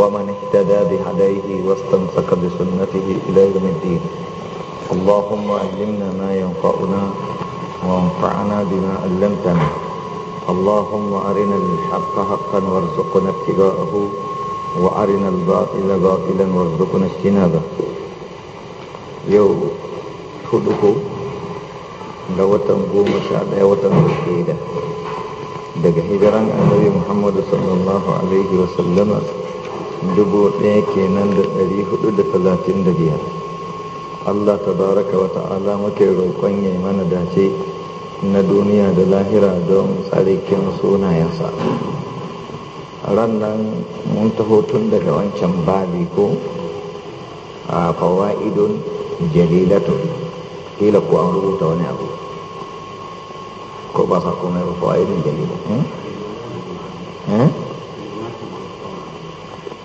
ومن اهتدى بهديه واستمسك بسنته إلى يوم الدين اللهم علمنا ما ينفعنا وانفعنا بما علمتنا اللهم أرنا الحق حقا وارزقنا اتباعه وأرنا الباطل باطلا وارزقنا اجتنابه يوم خلقه لو تنقوم شعبه وتنقوم daga hijiran annabi Muhammad sallallahu alaihi wasallam dubu Allah kenan da ɗari hudu da talatin da biyar Allah wa ta'ala muke roƙon ya mana dace na duniya da lahira don tsarikin sunayensa rannan mun ta hoton daga wancan bali ko a fawa'idun jalilatu kila ko an rubuta wani abu ko ba sa komai ba fawa'idun jalilatu hmm? hmm?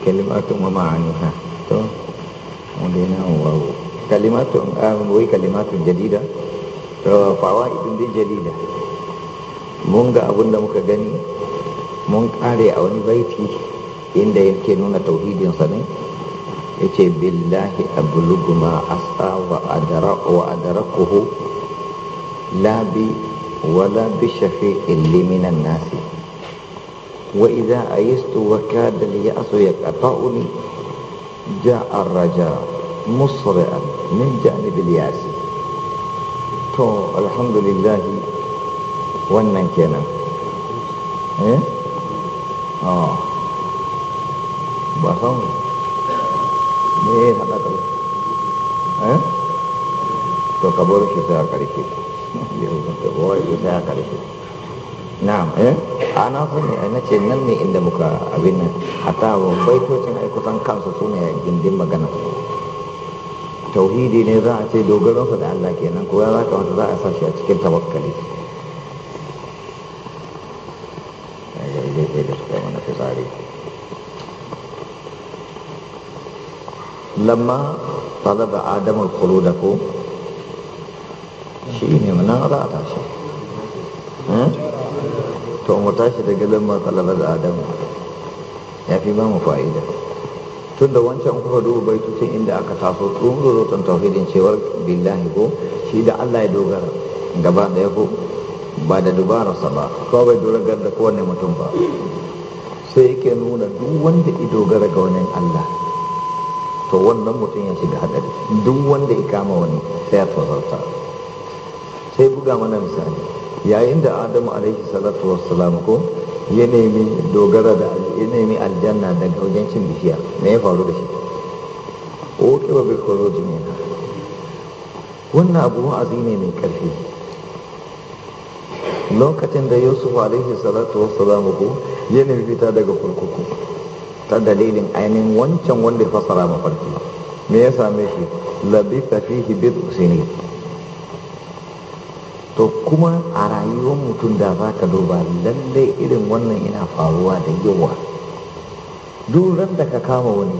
kalimatun wa ma'aniha to mudina wa kalimatun wai ah, kalimatun jadida to fawaidun din jadida mun ga abin da muka gani mun kare a ah, wani baiti inda yake nuna tauhidin sa ne yace billahi ablugu ma asa wa adara wa adarakuhu la bi wala bi shafi'in liminan nasi وإذا أيست وكاد ليأصيك أطأني جاء الرجاء مصرعا من جانب الياس تو الحمد لله ونن كان ايه اه بصم ايه هذا كله ايه تو كبر كيف هذا كله يوم تبوي كيف هذا كله na'am eh ana so ne ai nace nan ne inda muka abin nan hatta wa baitocin ai kusan kansu sune gindin magana tauhidi ne za a ce dogaronsa da Allah kenan ko ya zaka wanda za a sa shi a cikin tawakkali lamma talaba adamu al-khulud ko shi ne mana za to mu tashi da galibin da adamu ya fi ba mu fa'ida tun da wancan kuka duba baitocin inda aka taso tsohon zurotan tauhidin cewar billahi ko shi da allah ya dogara gaba daya ko ba da dubararsa ba ko bai dogara da kowane mutum ba sai yake nuna duk wanda ya dogara ga wani allah to wannan mutum ya shiga hadari duk wanda ya kama wani sai ya tozarta sai buga mana misali yayin da adamu alaihi salatu wassalam ko ya nemi dogara da ya nemi aljanna daga wajen cin bishiya me ya faru da shi o kiba bi khuruji min wannan abu wa'azi ne mai karfi lokacin da yusuf alaihi salatu wassalam ko ya nemi fita daga kurkuku ta dalilin ainihin wancan wanda ya fasara mafarki me ya same shi labitha fihi bid'u sinin to kuma a rayuwar mutum da za ka duba lalle irin wannan yana faruwa da yawa duran da ka kama wani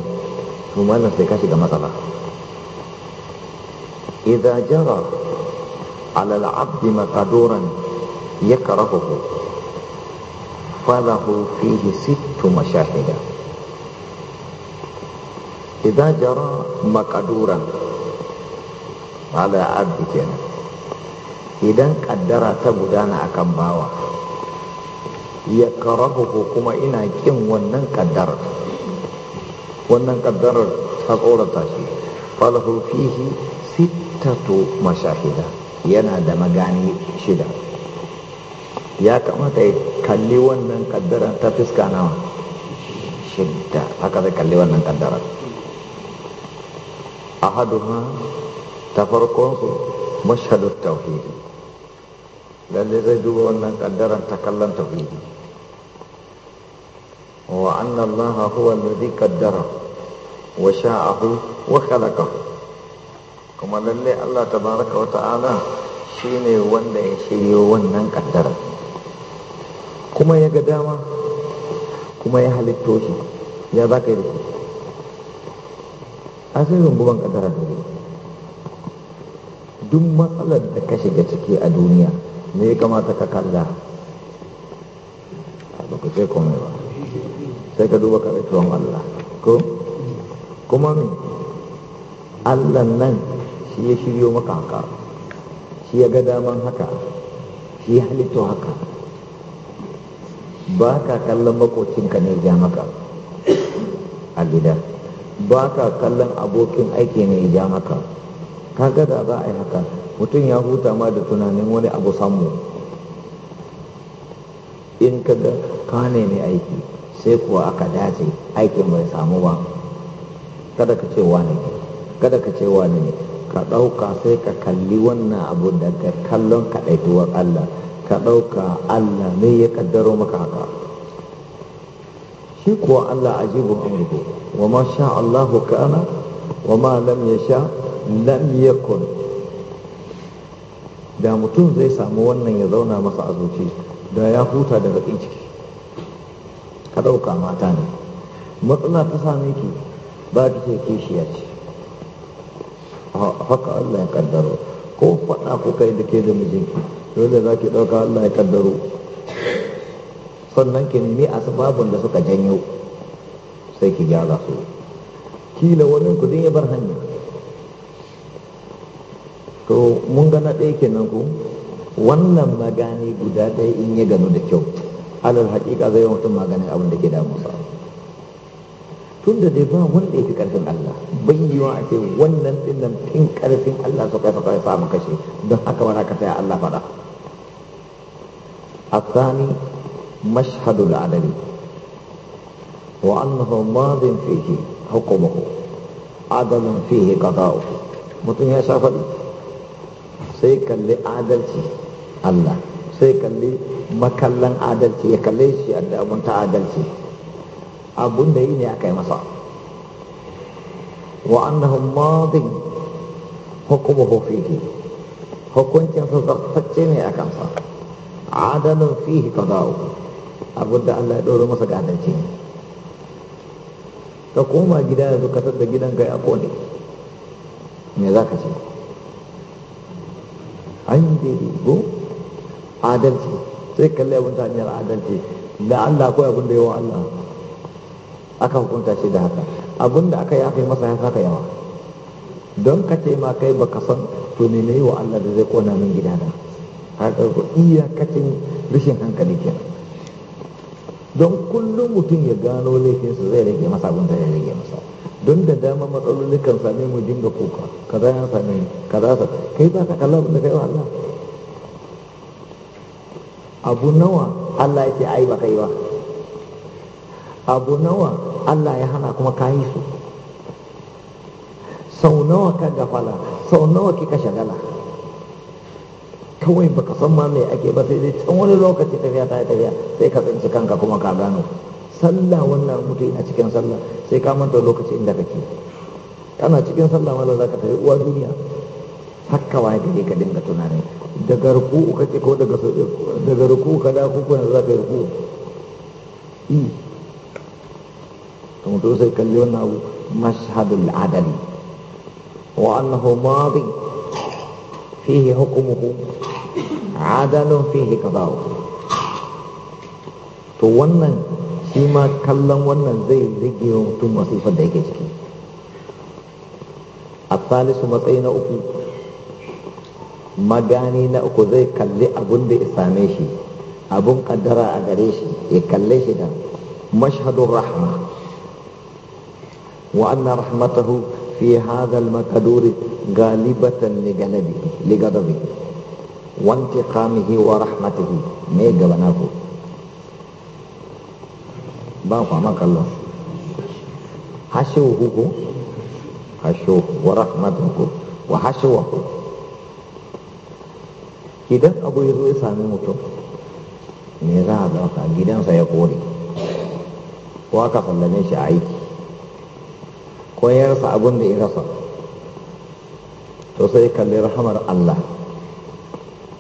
to malam sai ka shiga matsala idza jara ala al-abd maqduran yakrahuhu falahu fihi sittu mashahida idza jara maqduran ala al-abd kenan idan kaddara ta gudana akan bawa ya karahu kuma ina kin wannan kaddarar wannan kaddarar ta tsorata shi falahu fihi sittatu mashahida yana da magani shida ya kamata ya kalli wannan kaddarar ta fiska nawa shidda haka zai kalli wannan kaddarar ahaduha ta farko mashahadar tauhidi lalle zai duba wannan kaddaran ta kallon wa anna allaha huwa alladhi qaddara wa sha'ahu wa khalaqahu kuma lalle Allah tabaraka wa ta'ala shine wanda ya shiryo wannan kaddara kuma ya ga dama kuma ya halitto shi ya za ka yi da shi asirin rungumar kaddara duk matsalar da ka shiga ciki a duniya me ya kamata ka kalla ba ku ce komai ba sai ka duba karatuwan Allah ko kuma me Allah nan shi ya shiryo maka haka shi ya ga daman haka shi ya halittu haka ba ka kallon makocinka ne ja maka a gida ba ka kallon abokin aiki ne ja maka ka gada ba a yi haka mutum ya huta ma da tunanin wani abu samu in ka ga ka nemi aiki sai kuwa aka dace aikin bai samu ba kada ka ce wani ne kada ka ce wani ne ka ɗauka sai ka kalli wannan abu daga kallon kaɗaituwar Allah ka ɗauka Allah ne ya kaddaro maka haka shi kuwa Allah ajibun amurku wa ma sha Allahu kana wa ma lam ya sha lam yakun da mutum zai samu wannan ya zauna masa a zuci da ya huta da baƙin ciki ka ɗauka mata ne matsala ta same ki ba ta ke kishiya ce haka Allah ya kaddaro ko faɗa ko kai da ke da mijinki dole za ki ɗauka Allah ya kaddaro sannan ki nemi asbabun da suka janyo sai ki gyara su kila wani kudin ya bar hanya to mun ga na ɗaya kenan ku wannan magani guda ɗaya in ya gano da kyau alal haƙiƙa zai mutum maganin abin da ke damunsa tun da dai ba wanda ya fi ƙarfin Allah bai yi a ce wannan ɗin nan fin ƙarfin Allah su kai suka samu kashe don haka wani ka taya Allah faɗa الثاني مشهد العدل وأنه ماض فيه fiye عدل فيه mutum ya sha faɗi sai kalli adalci Allah sai kalli makallan adalci ya kalle shi a damun ta adalci abun da yi ne aka yi masa wa annahum madin hukumuhu fihi hukuncin su zartacce ne a kansa adalun fihi qada'u abun da Allah ya doro masa ga adalci ne ka koma gida da ka da gidan kai a kone me za ka ce an daidai ko adalci sai kalli abin ta hanyar adalci da Allah ko abin da yawa Allah aka hukunta shi da haka abin da aka yafe masa ya saka yawa don ka ce ma kai baka san to ne ne wa Allah da zai kona min gidana har ɗauko iyakacin rashin hankali kenan don kullum mutum ya gano laifinsa zai rage masa abin da ya rage masa don da dama matsaloli kan same mu dinga kuka kaza ya same ni kaza sa kai ba ka kalla abin da kai wa Allah abu nawa Allah ya ce ai ba kai ba abu nawa Allah ya hana kuma kayi su sau nawa ka gafala sau nawa kika shagala kawai baka san ma me ake ba sai dai wani lokaci tafiya ta tafiya sai ka tsinci kanka kuma ka gano sallah wannan mutu a cikin sallah sai ka manta lokaci inda kake kana cikin sallah wanda za ka tafi uwa duniya hakka waye da ka dinga tunanin? daga ruku ka ce ko daga daga ruku ka da ku kun za ka yi ruku i hmm. to mutu sai kalli wannan abu mashhadul adali wa annahu madi fihi hukumuhu adalun fihi qada'u to wannan shi ma kallon wannan zai rage wa mutum masifar da yake ciki a salisu matsayi na uku magani na uku zai kalli abun da same shi abun kaddara a gare shi ya kalle shi da mashhadun rahma wa anna rahmatahu fi hadha al-makaduri galibatan li galabi li gadabi wa intiqamihi wa rahmatihi me ku ba kwama kallon hashewa huku hashewa wa rahmatun ku wa hashewa ku idan abu ya zo ya sami mutum me za a zauka gidansa ya kore ko aka sallame shi a aiki ko ya rasa abin da ya rasa to sai kalli rahamar Allah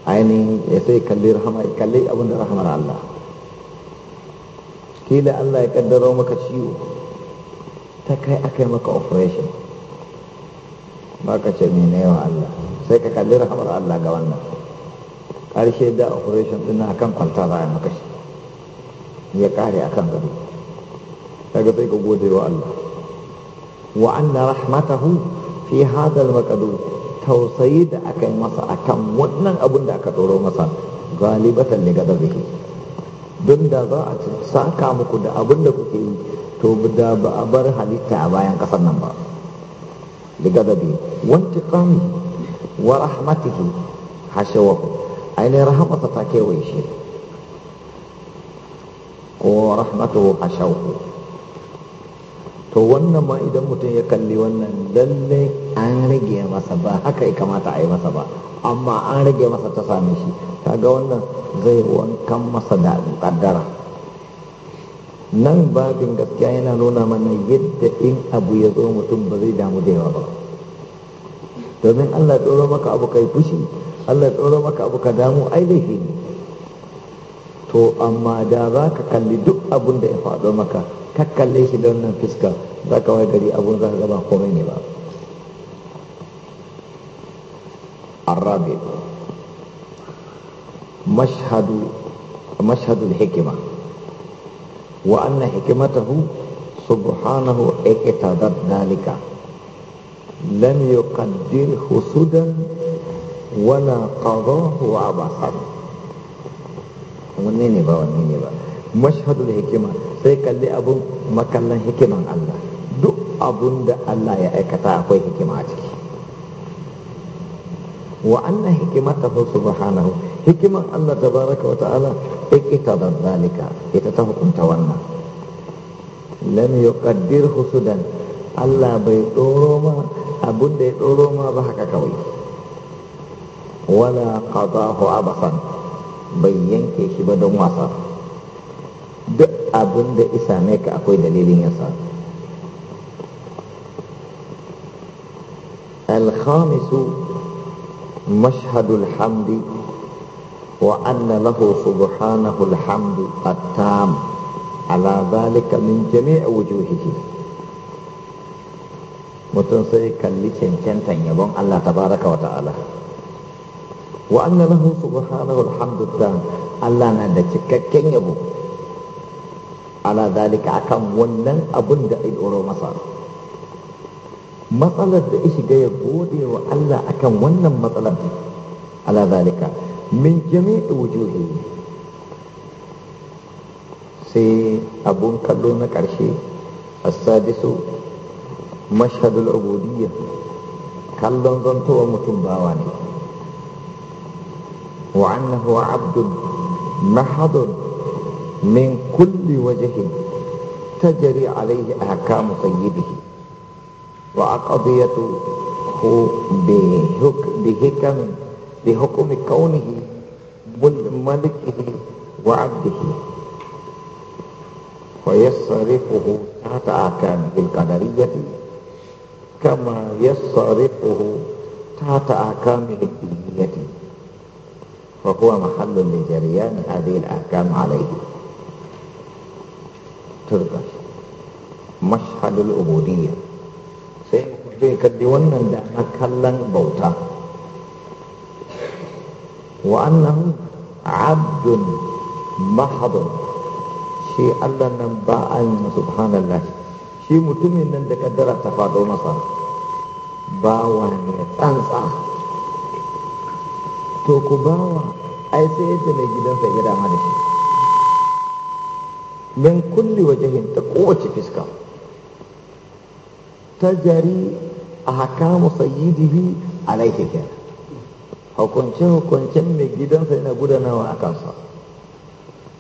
ainihin sai kalli rahamar kalli abin da rahamar Allah kila Allah ya kaddaro maka ciwo ta kai aka yi maka operation ba ka ce na yawa Allah sai ka kalli rahamar Allah ga wannan ƙarshe da operation ɗin akan kwanta ba a maka shi ya ƙare akan gado daga sai ka gode wa Allah wa anna rahmatahu fi hadal maqdur tausayi da aka yi masa kan wannan abin da aka tsoro masa galibatan ne gadabihi don da za a saka muku da abin da kuke yi to da ba a bar halitta a bayan kasar nan ba biyu wanti qami wa rahmatihi hashawahu ainihin rahmata ta kewaye shi ko rahmatuhu ku to wannan ma idan mutum ya kalli wannan lalle an rage masa ba haka ya kamata a yi masa ba amma an rage masa ta same shi kaga wannan zai wankan masa da ƙaddara nan babin gaskiya yana nuna mana yadda in abu ya zo mutum ba zai damu da yawa ba domin allah tsoro maka abu kai fushi allah tsoro maka abu ka damu ai laifi ne to amma da za ka kalli duk abun da ya faɗo maka ka kalle shi da wannan fuska za ka gari abun za ka gaba komai ne ba الرابع مشهد مشهد الحكمة وأن حكمته سبحانه اقتضت ذلك لم يقدره سدى ولا قضاه عبثا wannan ne ba wannan ne ba mashhadul hikima sai kalli abun makallan hikiman Allah duk abun da Allah ya aikata akwai hikima a ciki wa anna hikimatahu subhanahu hikiman Allah tabaraka wa ta'ala iqtada zalika ita ta hukunta wannan lam yuqaddir husudan Allah bai doro ma abun da ya doro ma ba haka kawai wala qadahu abasan bai yanke shi ba don wasa duk abun da isa ne ka akwai dalilin yasa الخامس mashhadul الحمد وأن له سبحانه الحمد التام على ذلك من جميع وجوهه mutum sai kalli cancantan yabon Allah tabaraka wa ta'ala wa anna lahu subhanahu alhamdulillah Allah na da cikakken yabo ala zalika akan wannan abun da ai doro masa matsalar da ya shiga ya gode wa Allah akan wannan matsalar ala zalika min jami'i wujuhi sai abun kallo na ƙarshe as-sadisu mashhadul ubudiyya kallon zantowa mutum bawa ne wa annahu abdun mahadun min kulli wajhin tajri alayhi ahkamu sayyidihi wa aqdiyatuhu bi hukmi بحكم كونه ملكه وعبده ويصرفه تحت أحكامه القدرية كما يصرفه تحت أحكامه الدينية فهو محل لجريان هذه الأحكام عليه ترجع مشهد العبودية سيكون كدي ونن دعنا كلا بوتا وأنه عبد محض شيء الله أين سبحان الله شيء متمنى أن تقدر تفاد ومصر باوان تنسى توكو باوا أي سيد من جدا فجدا مالك من كل وجه تقوى فسكا تجري أحكام سيده عليه كده hukunce-hukuncen mai gidansa yana gudanawa a kansa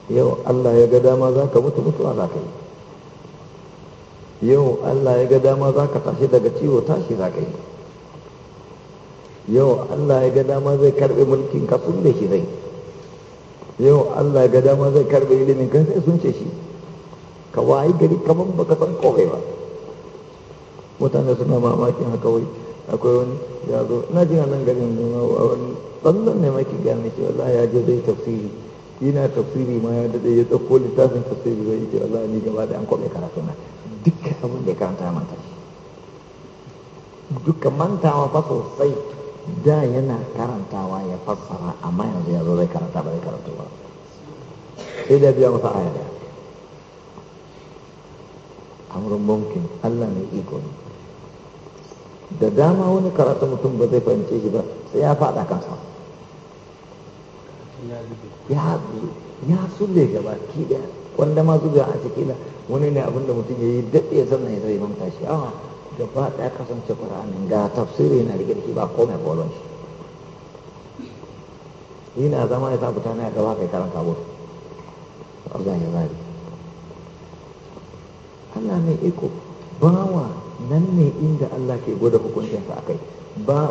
yau Allah ya ga dama za ka mutu mutuwa za ka yi yau Allah ya ga dama za ka tashi daga ciwo tashi za ka yi yau Allah ya ga dama zai karbe mulkin ka sun da shi zai yau Allah ya ga dama zai karbe ilimin ka sai sun ce shi ka wayi gari kamar baka san kawai ba mutane suna mamakin haka wai akwai wani ya zo na ji nan garin nema a wani tsallon ne maki gane ce wallahi ya je zai tafsiri yana tafsiri ma ya daɗe ya tsakko littafin tafsiri zai ce wallahi ni gaba da an kwame karatu na dukkan abin da ya karanta ya manta dukkan mantawa fa sosai da yana karantawa ya fassara amma yanzu ya zo zai karanta ba zai karanta ba sai da biya masa aya da amurin mumkin allah mai iko ne da dama wani karatu mutum ba zai fahimce shi ba sai ya faɗa kansa ya ya sulle gaba ki da wanda ma zuga a cikin wani ne abinda mutum ya yi daɗe ya zanna ya zai manta shi da ba ɗaya kasance ƙura'anin ga tafsiri na rigar shi ba komai bolon shi yana zama ya sa mutane a gaba kai karanta wasu Allah ya zari Allah mai iko bawa nan ne inda Allah ke gwada hukuncinsa a kai ba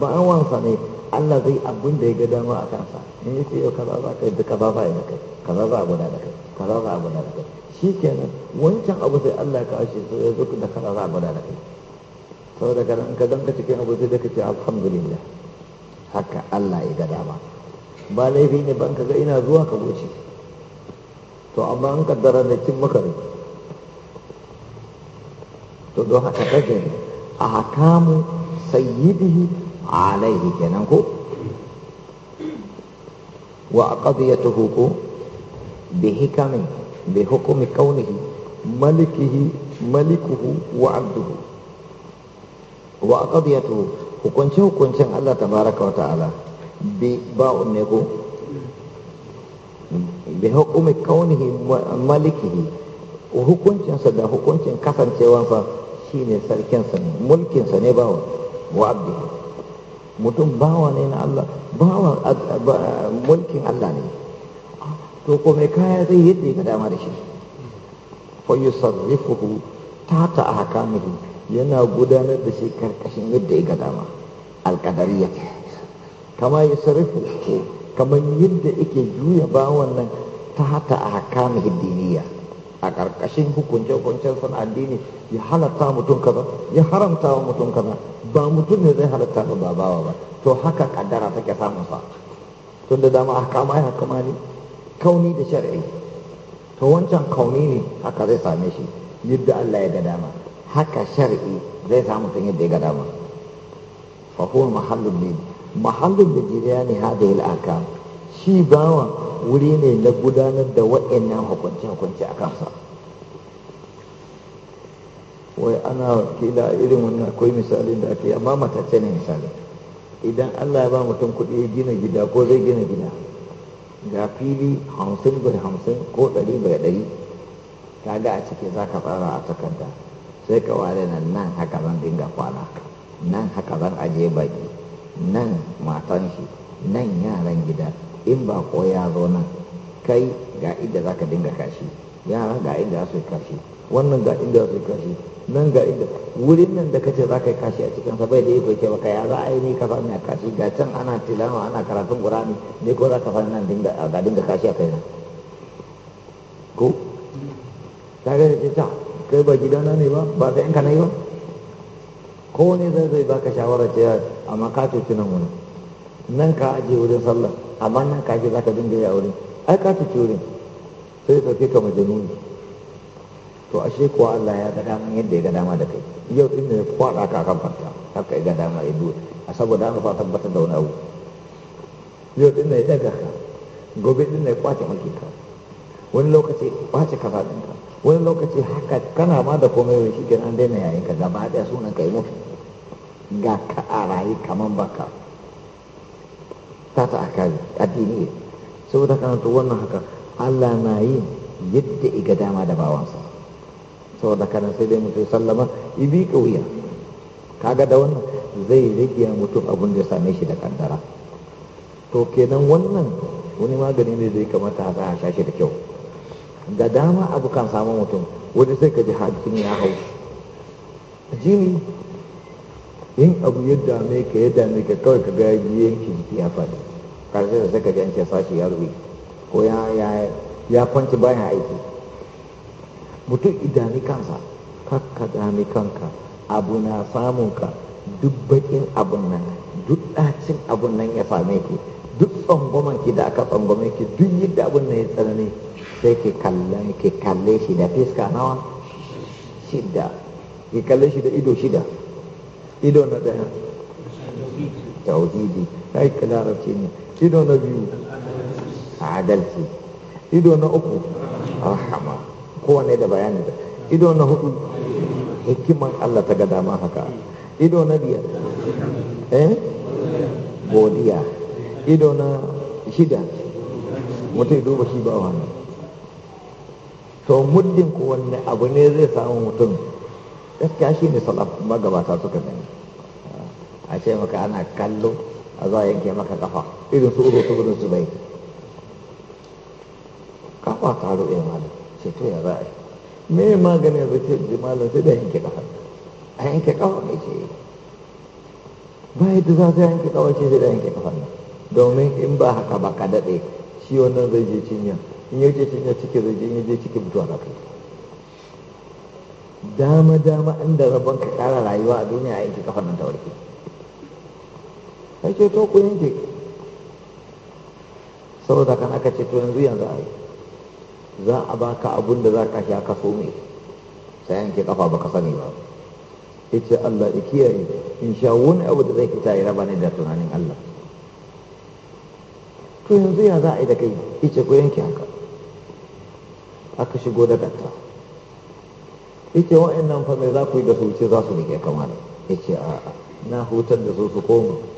awansa ne Allah zai abin da ya ga dama a kansa ne ya ce yau kaza za ka yi duka ba ya kai kaza za a guda da kai kaza za a guda da kai shi kenan wancan abu sai Allah ya kawo shi so ya zo da kaza za a guda da kai saboda ka in ka danka cikin abu sai da ka ce alhamdulillah haka Allah ya ga dama ba laifi ne ban ka ga ina zuwa ka goce to amma an kaddara da cin maka to don haka daga a kamu sayyidihi alaihi kenan ko wa qadiyatuhu ko bi hikamin bi hukumi kaunihi malikihi malikuhu wa abduhu wa qadiyatuhu hukunce hukuncen Allah tabaraka wa ta'ala bi ba'un ne ku bi hukumi kaunihi malikihi hukuncinsa da hukuncin kasancewansa shi ne sarkinsa ne mulkinsa ne bawa wa abdihi mutum bawa ne na Allah bawa mulkin Allah ne to ko mai kaya zai yi yadda ka dama da shi fa yusarrifuhu tata ahkamihi yana gudanar da shi karkashin yadda ya dama alqadariyya kama yusarrifuhu kamar yadda yake juya bawan nan tata ahkamihi diniyya a ƙarƙashin hukunce-hukuncen sun addini ya halatta mutum kaza ya haramta wa mutum kaza ba mutum ne zai halatta ba ba bawa ba to haka kaddara take samun sa tun da dama ma ya kama ne kauni da shari'i to wancan kauni ne haka zai same shi yadda Allah ya ga dama haka shari'i zai samu mutum yadda ya ga dama fa huwa mahallul lid mahallul lijriyani hadhihi al-ahkam shi bawa. wuri ne na gudanar da waɗannan hukunce-hukunce a kansa wai ana kila irin wannan akwai misalin da ake amma matacce ne misali idan allah ya ba mutum kuɗi ya gina gida ko zai gina gida ga fili hamsin bai hamsin ko ɗari bai ɗari kaga a ciki za ka fara a takarda sai ka ware nan nan haka zan dinga kwana nan haka zan ajiye baki nan matan shi nan yaran gida in ba ko ya zo nan kai ga inda za ka dinga kashi yara ga inda za su yi kashi wannan ga inda za su yi kashi nan ga inda wurin nan da kace za ka yi kashi a cikin sa bai da iko ke baka ya za a yi ni ka fami a kashi ga can ana tilawa ana karatun gurani ne ko za ka fami nan dinga ga dinga kashi a kai nan ko ta ga ce ta kai ba gidana ne ba ba ta yanka ka yi ba ko ne zai zai baka shawara ce amma ka tuci nan wani nan ka aje wurin sallah amma nan ka za ka dinga yi a wurin ai ka ci wurin sai ɗauke ka majanuni to ashe kuwa Allah ya ga dama yadda ya ga dama da kai yau din ne ya kwaɗa ka kan fata haka ya ga dama ya duwa a saboda an fata bata da wani abu yau din ne daga ka gobe din ne kwace maki ka wani lokaci kwace kafa ka wani lokaci haka kana ma da komai wani shi an daina yayin ka gaba ɗaya sunan ka yi mafi ga ka a rayu kamar baka ta ta a addini ne saboda to wannan haka Allah na yi yadda iga dama da bawansa saboda kanan sai dai mutum sallama ibi kauya kaga da wannan zai rage mutum abin da ya same shi da kandara. to kenan wannan wani magani ne da ya kamata a tsaya shashi da kyau da dama abu kan samu mutum wani sai ka ji hadisin ya hau jini in abu ya dame ka ya dame ka kawai ka ga yankin ya faɗi karshe da saka yanke sashi ya rubi ko ya ya ya kwanci bayan aiki mutum idami kansa kakka dami kanka abu na samun ka duk bakin abun nan duk ɗacin abun nan ya same ki duk tsangwaman ki da aka tsangwame ki duk yadda abun nan ya tsanani sai ki kalle ki kalle shi da fiska nawa shida ki kalle shi da ido shida ido na daya tauhidi kai kalarabci ne ido na biyu adalci ido na uku rahama kowane da bayani da ido na hudu hikiman Allah ta gada haka ido na biyar eh godiya ido na shida mutai duba shi ba wani to muddin ko wanne abu ne zai samu mutum gaskiya shi ne salaf magabata suka gani a ce maka ana kallo a za a yanke maka kafa irin su uru su gudun su bai kafa karo ruɓe malam ce to ya zaa a yi me maganin yanzu ce ji malam sai da yanke kafa a yanke kafa mai ce yi. ba yadda za ta yanke kafa ce sai da yanke kafa nan domin in ba haka ba ka daɗe shi wannan zai je cinya in ya ce cinya ciki zai je in ya je ciki mutuwa na kai dama dama inda rabon ka ƙara rayuwa a duniya a yanke kafa nan ta warke ya ce to ku yanke saboda kan aka ce to yanzu yanzu a yi za a baka abun da za ka sha ka so mai sai yanke kafa baka sani ba ya ce Allah ya kiyaye in sha wani abu da zai fita ya raba ne da tunanin Allah to yanzu ya za a yi da kai ya ce ku yanke haka aka shigo da gatta ya ce wa'annan fa mai za ku yi da su ce za su rike kamar ya ce a na hutar da su su koma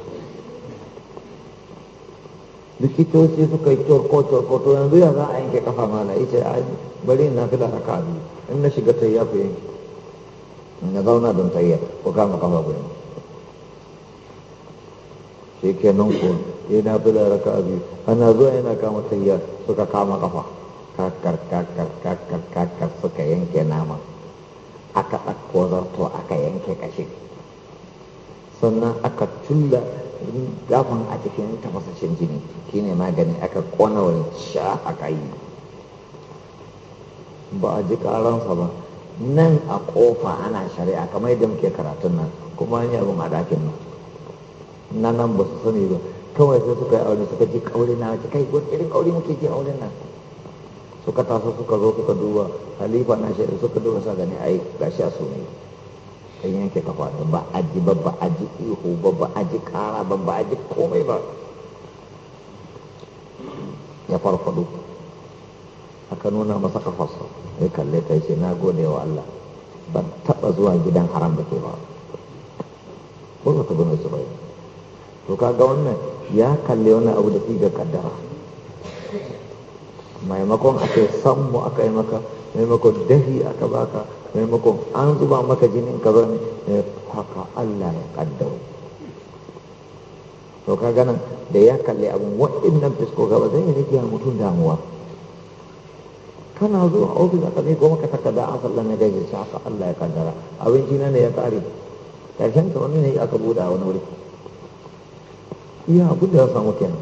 likitoci suka yi torko torko to yanzu ya a yanke kafa mana ita a bari na fi da haka biyu shiga tayya ku yanke na zauna don tayya ku kama kafa ku ke nan ko yana fi da raka ana zuwa yana kama tayya suka kama kafa kakar kakar kakar kakar suka yanke nama aka ɗauko aka yanke kashi sannan aka tulla gafan a cikin tafasashen jini shine magani aka kona wani sha a kayi ba a ji karansa ba nan a kofa ana shari'a kamar yadda muke karatun nan kuma an yabon a dakin nan na nan ba su sani ba kawai sai suka yi aure suka ji kauri na wace kai wani irin kauri muke ji aure nan suka taso suka zo suka duba halifa na shari'a suka duba sa gani ai gashi a sunai an yanke kafa ba a ji ba ba a ihu ba ba a ji kara ba ba a komai ba ya farfado aka nuna masa kafarsa ya kalle ta ce na gode wa Allah ban taba zuwa gidan haram da ke ba ko ba ta gane su bai to kaga wannan ya kalle wani abu da ga kaddara maimakon a ce san mu aka yi maka maimakon dahi aka baka maimakon an zuba maka jinin ka zan eh, haka Allah ya kaddau to ka ganin da ya kalli abin waɗannan fisko gaba zai rage mutum damuwa kana zuwa ofis aka ko goma ka takarda an sallan na gaji shi haka Allah ya kaddara abinci na ne ya kare karshen ka wani ne aka buɗa wani wuri iya abin da ya samu kenan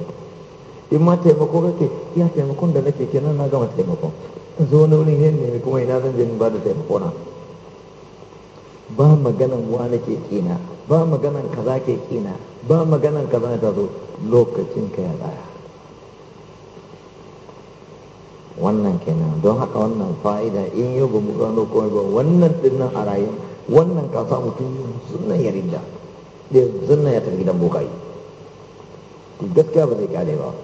in ma taimako kake iya taimakon da nake kenan na gama taimakon zo na wurin yin ne kuma ina zan je ba da taimako na ba maganan wani ke kina ba maganan kaza ke kina ba maganan kaza ta zo lokacin ka ya tsaya wannan kenan don haka wannan fa'ida in yau ba mu gano kuma ba wannan dinnan a rayuwa wannan kasa yi sunan ya rinda sunan ya tafi gidan bokai gaskiya ba zai kyale ba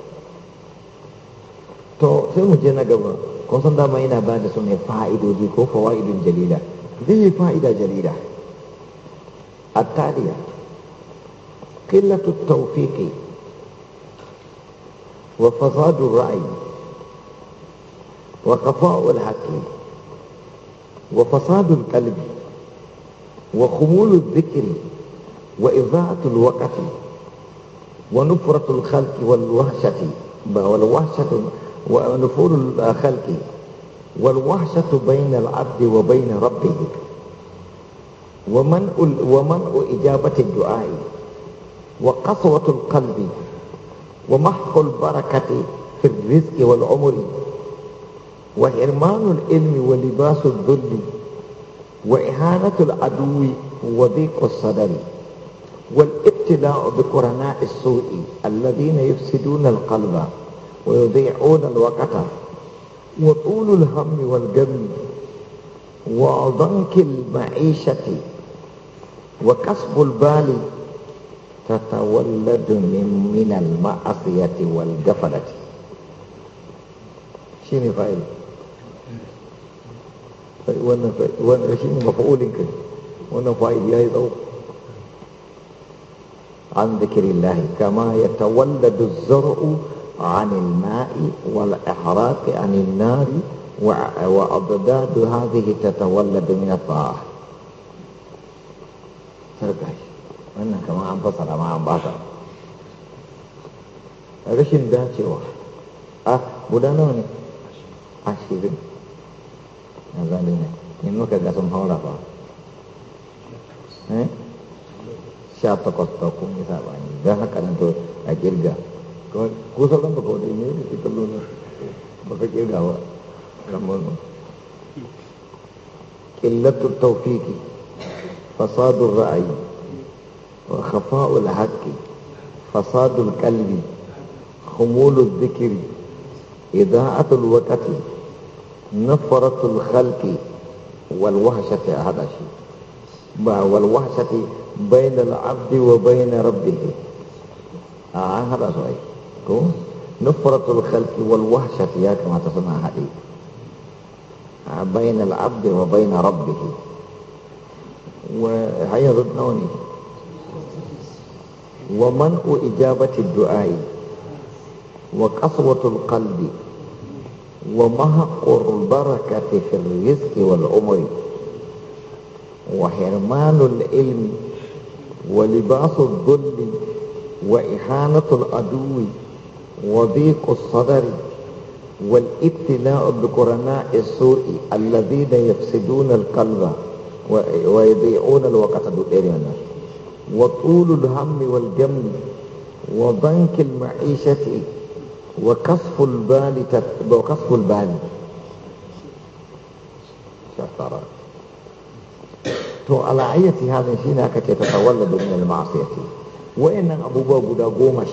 to sai mu je na gaba kun san dama yana ba da su ne fa'idoji جليلة fawa'idun jalila zai التالية قلة التوفيق وفساد الرأي وقفاء الحق وفساد القلب وخمول الذكر وإضاعة الوقت ونفرة الخلق والوحشة والوحشة ونفور الخلق والوحشة بين العبد وبين ربه ومنع ومنع إجابة الدعاء وقسوة القلب ومحق البركة في الرزق والعمر وحرمان العلم ولباس الذل وإهانة العدو وضيق الصدر والابتلاء بقرناء السوء الذين يفسدون القلب ويضيعون الوقت وطول الهم والجم وضنك المعيشة وكسب البال تتولد من من المعصية والجفلة شيني فائل وانا شيني مفعول كده وانا فائل يا ايضا عن ذكر الله كما يتولد الزرع عن الماء والإحراق عن النار وأضداد هذه تتولد من الطاعه تركي وانا كما انفصل مع انباطر رشن داتي واحد اه بدانوني اشيبين نزالين نموك قسم هورا فا إيه؟ شاتكوستو كوني سابعين جاها كانتو اجلقا قلة التوفيق فساد الرأي وخفاء الحق فساد القلب خمول الذكر إضاعة الوقت نفرة الخلق والوحشة هذا شيء والوحشة بين العبد وبين ربه هذا آه شيء نفرة الخلق والوحشة يا كما تسمع حديث بين العبد وبين ربه وهي نوني ومنء إجابة الدعاء وقسوة القلب ومهق البركة في الرزق والعمر وحرمان العلم ولباس الظل وإحانة العدو وضيق الصدر والابتلاء بقرناء السوء الذين يفسدون القلب ويضيعون الوقت دائما وطول الهم والجمل وضنك المعيشة وكسف البال وكسف البال شطرة على ala ayyati halin shine تتولد من المعصية tawalladu min al-ma'siyati wa'annan abubuwa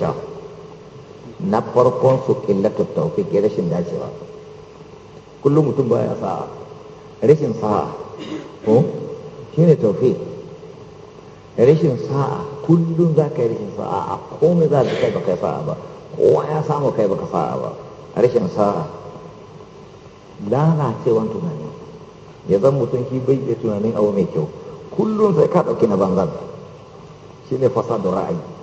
na farkon su qillatu ya rashin dacewa kullum mutum baya sa'a rashin sa'a ko ne taufi. rashin sa'a kullum za ka yi rashin sa'a a komai za ka kai baka sa'a ba kowa ya samu kai baka sa'a ba rashin sa'a lalacewan tunani ya zan mutum shi bai da tunanin abu mai kyau kullum sai ka ɗauki na banzan shi ne da ra'ayi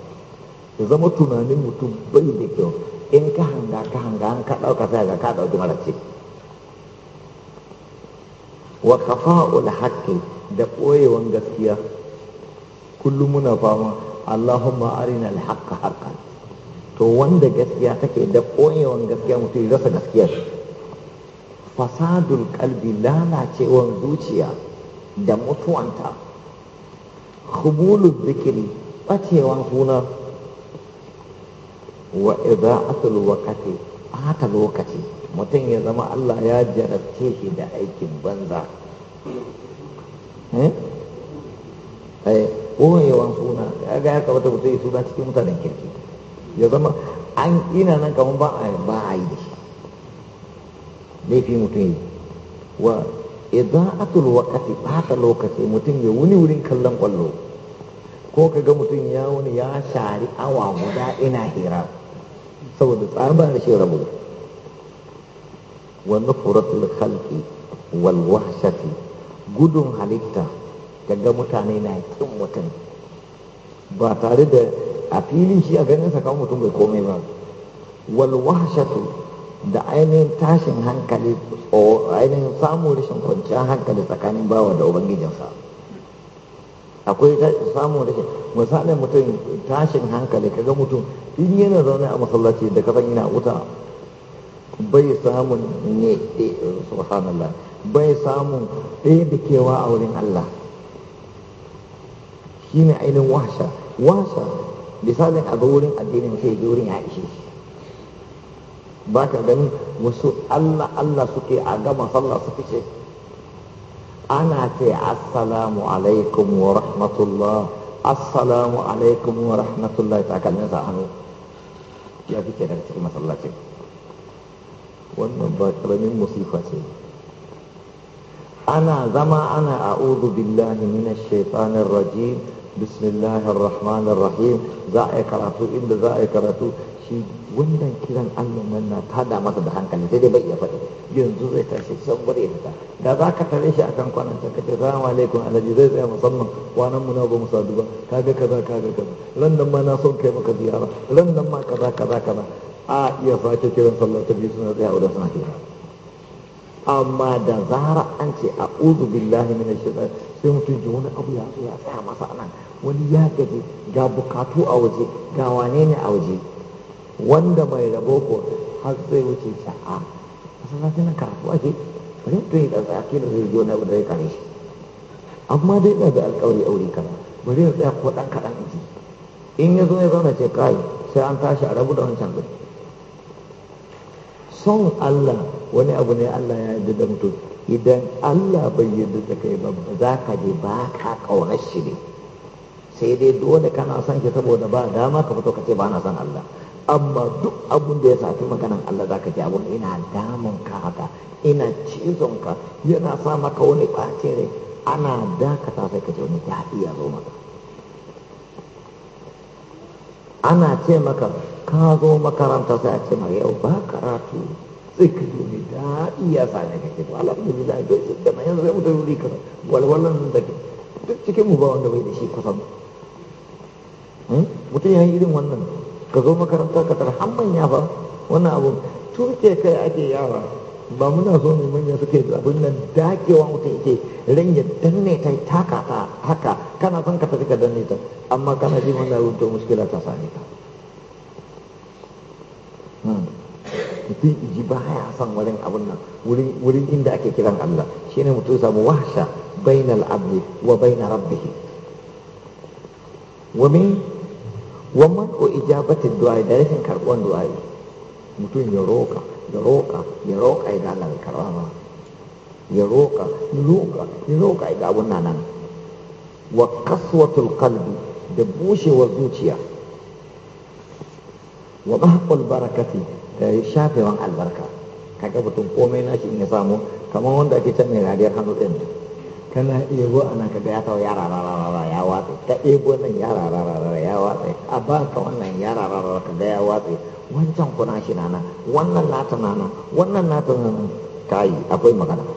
ya zama tunanin mutum bai da kyau in ka hanga ka hanga an ka ɗauka sai ga ka ɗauki ce. wa kafa'ul haqqi da ɓoyewan gaskiya kullum muna fama Allahumma arina al haƙƙa haqqan to wanda gaskiya take da ɓoyewan gaskiya mutum ya rasa gaskiyar fasadul kalbi lalacewan zuciya da mutuwanta khubulul zikiri ɓacewan suna wa atul waqti ata lokaci mutum ya zama Allah ya jarabce shi da aikin banza eh, eh ya wan suna ga ya kamata mutum ya suna cikin mutanen kirki ya zama an ina nan kamar ba a ba a yi da shi laifi mutum yi wa idha'atul waqti ata lokaci mutum ya wuni wurin kallon kwallo ko kaga mutum ya wuni ya shari awa guda ina hira saboda da rashin rabu wani nufuratul khalqi wal wahshati gudun halitta daga mutane na kin mutum ba tare da a filin shi a ganin sa kan mutum bai komai ba wal wahshatu da ainihin tashin hankali ainihin samun rashin kwanciyar hankali tsakanin bawa da ubangijinsa akwai samun rike misali mutum tashin hankali kaga mutum in yana zaune a masallaci da kasan yana wuta bai samun ne eh, subhanallah bai samun ɗaya da kewa a wurin Allah shi ne ainihin washa washa misalin ga wurin addinin sai ya wurin ya ishe shi ba ka ganin wasu Allah Allah suke a gama sallah su fice ana ce assalamu alaikum wa rahmatullah assalamu alaikum wa rahmatullah ta kalmin sa hannu ya fice daga cikin masallacin wannan ba karamin musifa ce ana zama ana a'udhu billahi minash shaitanir rajim bismillahir rahmanir rahim za a yi karatu inda za a yi karatu shi wannan kiran Allah nan ta tada masa da hankali sai dai bai iya faɗi yanzu zai tashi saboda ya fita da za ka tare shi akan kwanan ta kace salamu alaikum alhaji zai tsaya musamman kwanan mu na ba mu sadu ba kaga kaza kaga kaza ran ma na son kai maka ziyara ran nan ma kaza kaza kaza a iya fata kiran sallah ta biyu suna tsaya wadda suna kira amma da zara an ce a uzu billahi min shaitan sai mutum ji wani abu ya tsaya masa nan wani ya gaji ga bukatu a waje ga wane ne a waje wanda mai rabo ko har sai wuce ta a zafi na karatu ake bari to yi kasa ake da zai gona da ya kare shi amma dai ina zai alkawari aure kana bari ya tsaya ko dan kaɗan ji in ya zo ya zauna ce kai sai an tashi a rabu da wancan ɗin son Allah wani abu ne Allah ya yarda da mutum idan Allah bai yarda da kai ba za ka je ba ka ƙaunar shi ne sai dai dole kana son shi saboda ba dama ka fito ka ce ba na son Allah amma duk abin da ya safi maganan Allah zaka ji abin ina damun ka haka ina cizon ka yana sa maka wani ɓace ne ana dakata sai ka ce wani ta iya zo maka ana ce maka ka zo makaranta sai a ce maka yau ba karatu sai ka ji wani ta iya sa ne ka kake to alhamdulillah bai shi da yanzu zai mutu wuri ka walwalan da duk cikin mu ba wanda bai da shi kusan hmm? mutum ya yi irin wannan ka zo makaranta ka tarhan har manya ba wannan abu tuke kai ake yara ba muna so ne manya suke abin nan dakewa mutum yake ran ya danne ta taka ta haka kana son ka tafi ka danne ta amma kana ji wannan abin to muskila ta same ka hmm. mutum ji ba ya son wurin abin nan wurin inda ake kiran Allah shi shine mutum samu wahsha bainal abdi wa bainar rabbih wa min wa man ko ijabatin du'a da rashin karɓuwan du'a mutum ya roƙa ya roƙa ya roƙa ya Allah bai karɓa ba ya roƙa ya roƙa ya roƙa na nan nan wa kaswatul qalbi da bushewar zuciya wa mahqul barakati da shafewan albarka ka mutum komai nashi in ya samu kamar wanda ake can mai rariyar hannu ɗin kana ebo a nan kaga ya kawo yara rarara ya watsa ta ebo nan yara rarara ya watsa a ba ka wannan yara rarara kaga ya watsa wancan kuna shi na nan wannan nata nan wannan nata nana kayi akwai magana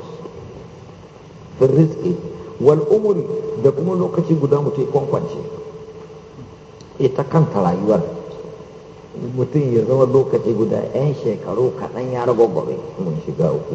fin rizki wal umuri da kuma lokaci guda mutum kwankwance ita kanta rayuwar mutum ya zama lokaci guda 'yan eh, shekaru kaɗan ya gobe. Eh, mun shiga uku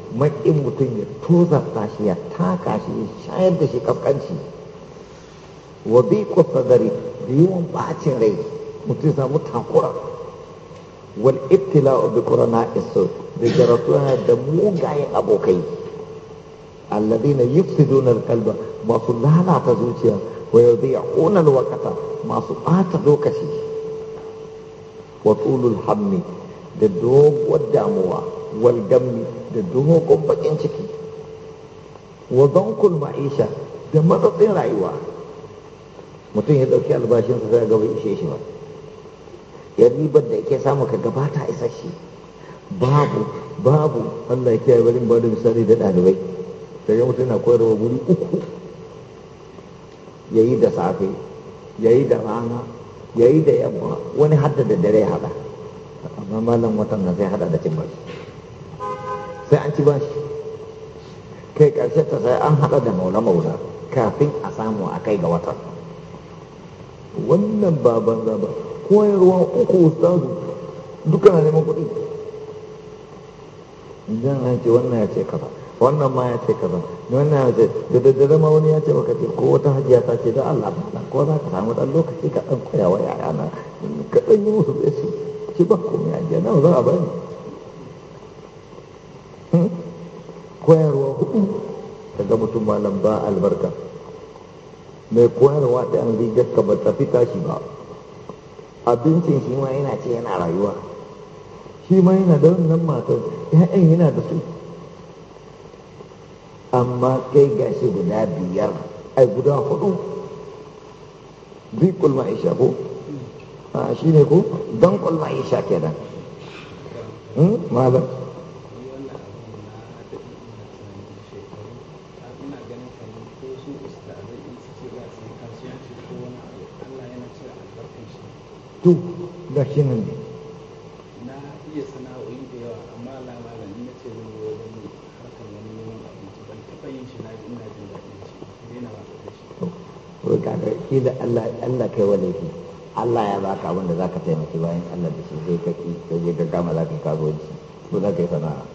maƙin mutum ya tozarta shi ya taka shi ya shayar da shi ƙafƙanci wa bi kwasadari da yawan bacin rai mutum samu takura wal ibtila'u bi qurana isu da jaratuwa da mugayen abokai alladhina yufsiduna al-qalba masu lalata zuciya wa yudhi'una al-waqta masu ɓata lokaci wa tulul hammi da doguwar damuwa wal gammi da duhokon bakin ciki wa zankul ma'isha da matsatsin rayuwa mutum ya dauki albashinsa ga gaba ishe shi ba ya ribar da yake samu ka gabata isa shi babu babu Allah ya kiyaye barin ba da misali da ɗalibai sai ya mutum yana koyarwa wuri uku yayi da safe yayi da rana yayi da yamma wani hadda da dare hada amma malam watan na zai hada da cin ci ba shi kai ƙarshe ta sai an haɗa da maula-maula kafin a samu a kai ga watan wannan ba banza ba koyarwa uku ustazu duka na neman kuɗi idan an ce wannan ya ce kaza wannan ma ya ce kaza wannan ya ce da da ma wani ya ce baka ce ko wata hajiya ta ce da Allah ko za ka samu dan lokaci ka dan koyawa yayana ka dan yi musu tsaye shi ba komai hajiya na za a bani koyarwa hudu daga mutum malam ba albarka mai koyarwa da an rigar ka ba tafi tashi ba abincin shi ma yana ce yana rayuwa shi ma yana da wannan matar ya'yan yana da su amma kai gashi guda biyar ai guda hudu zikul ma'isha ko hmm. a ah, shi ne ko don kulma isha kenan hmm, malam to ga shi nan ne na iya sana'o'i da yawa amma labarin na ce zan yi wajen harkar wani neman abinci ban taɓa yin shi na ina jin daɗin shi na ba da shi to kaga da Allah Allah kai wa laifi Allah ya baka abin da zaka taimaki bayan Allah da shi sai ka ki ka je ka gama zaka kasuwanci ko ka yi sana'a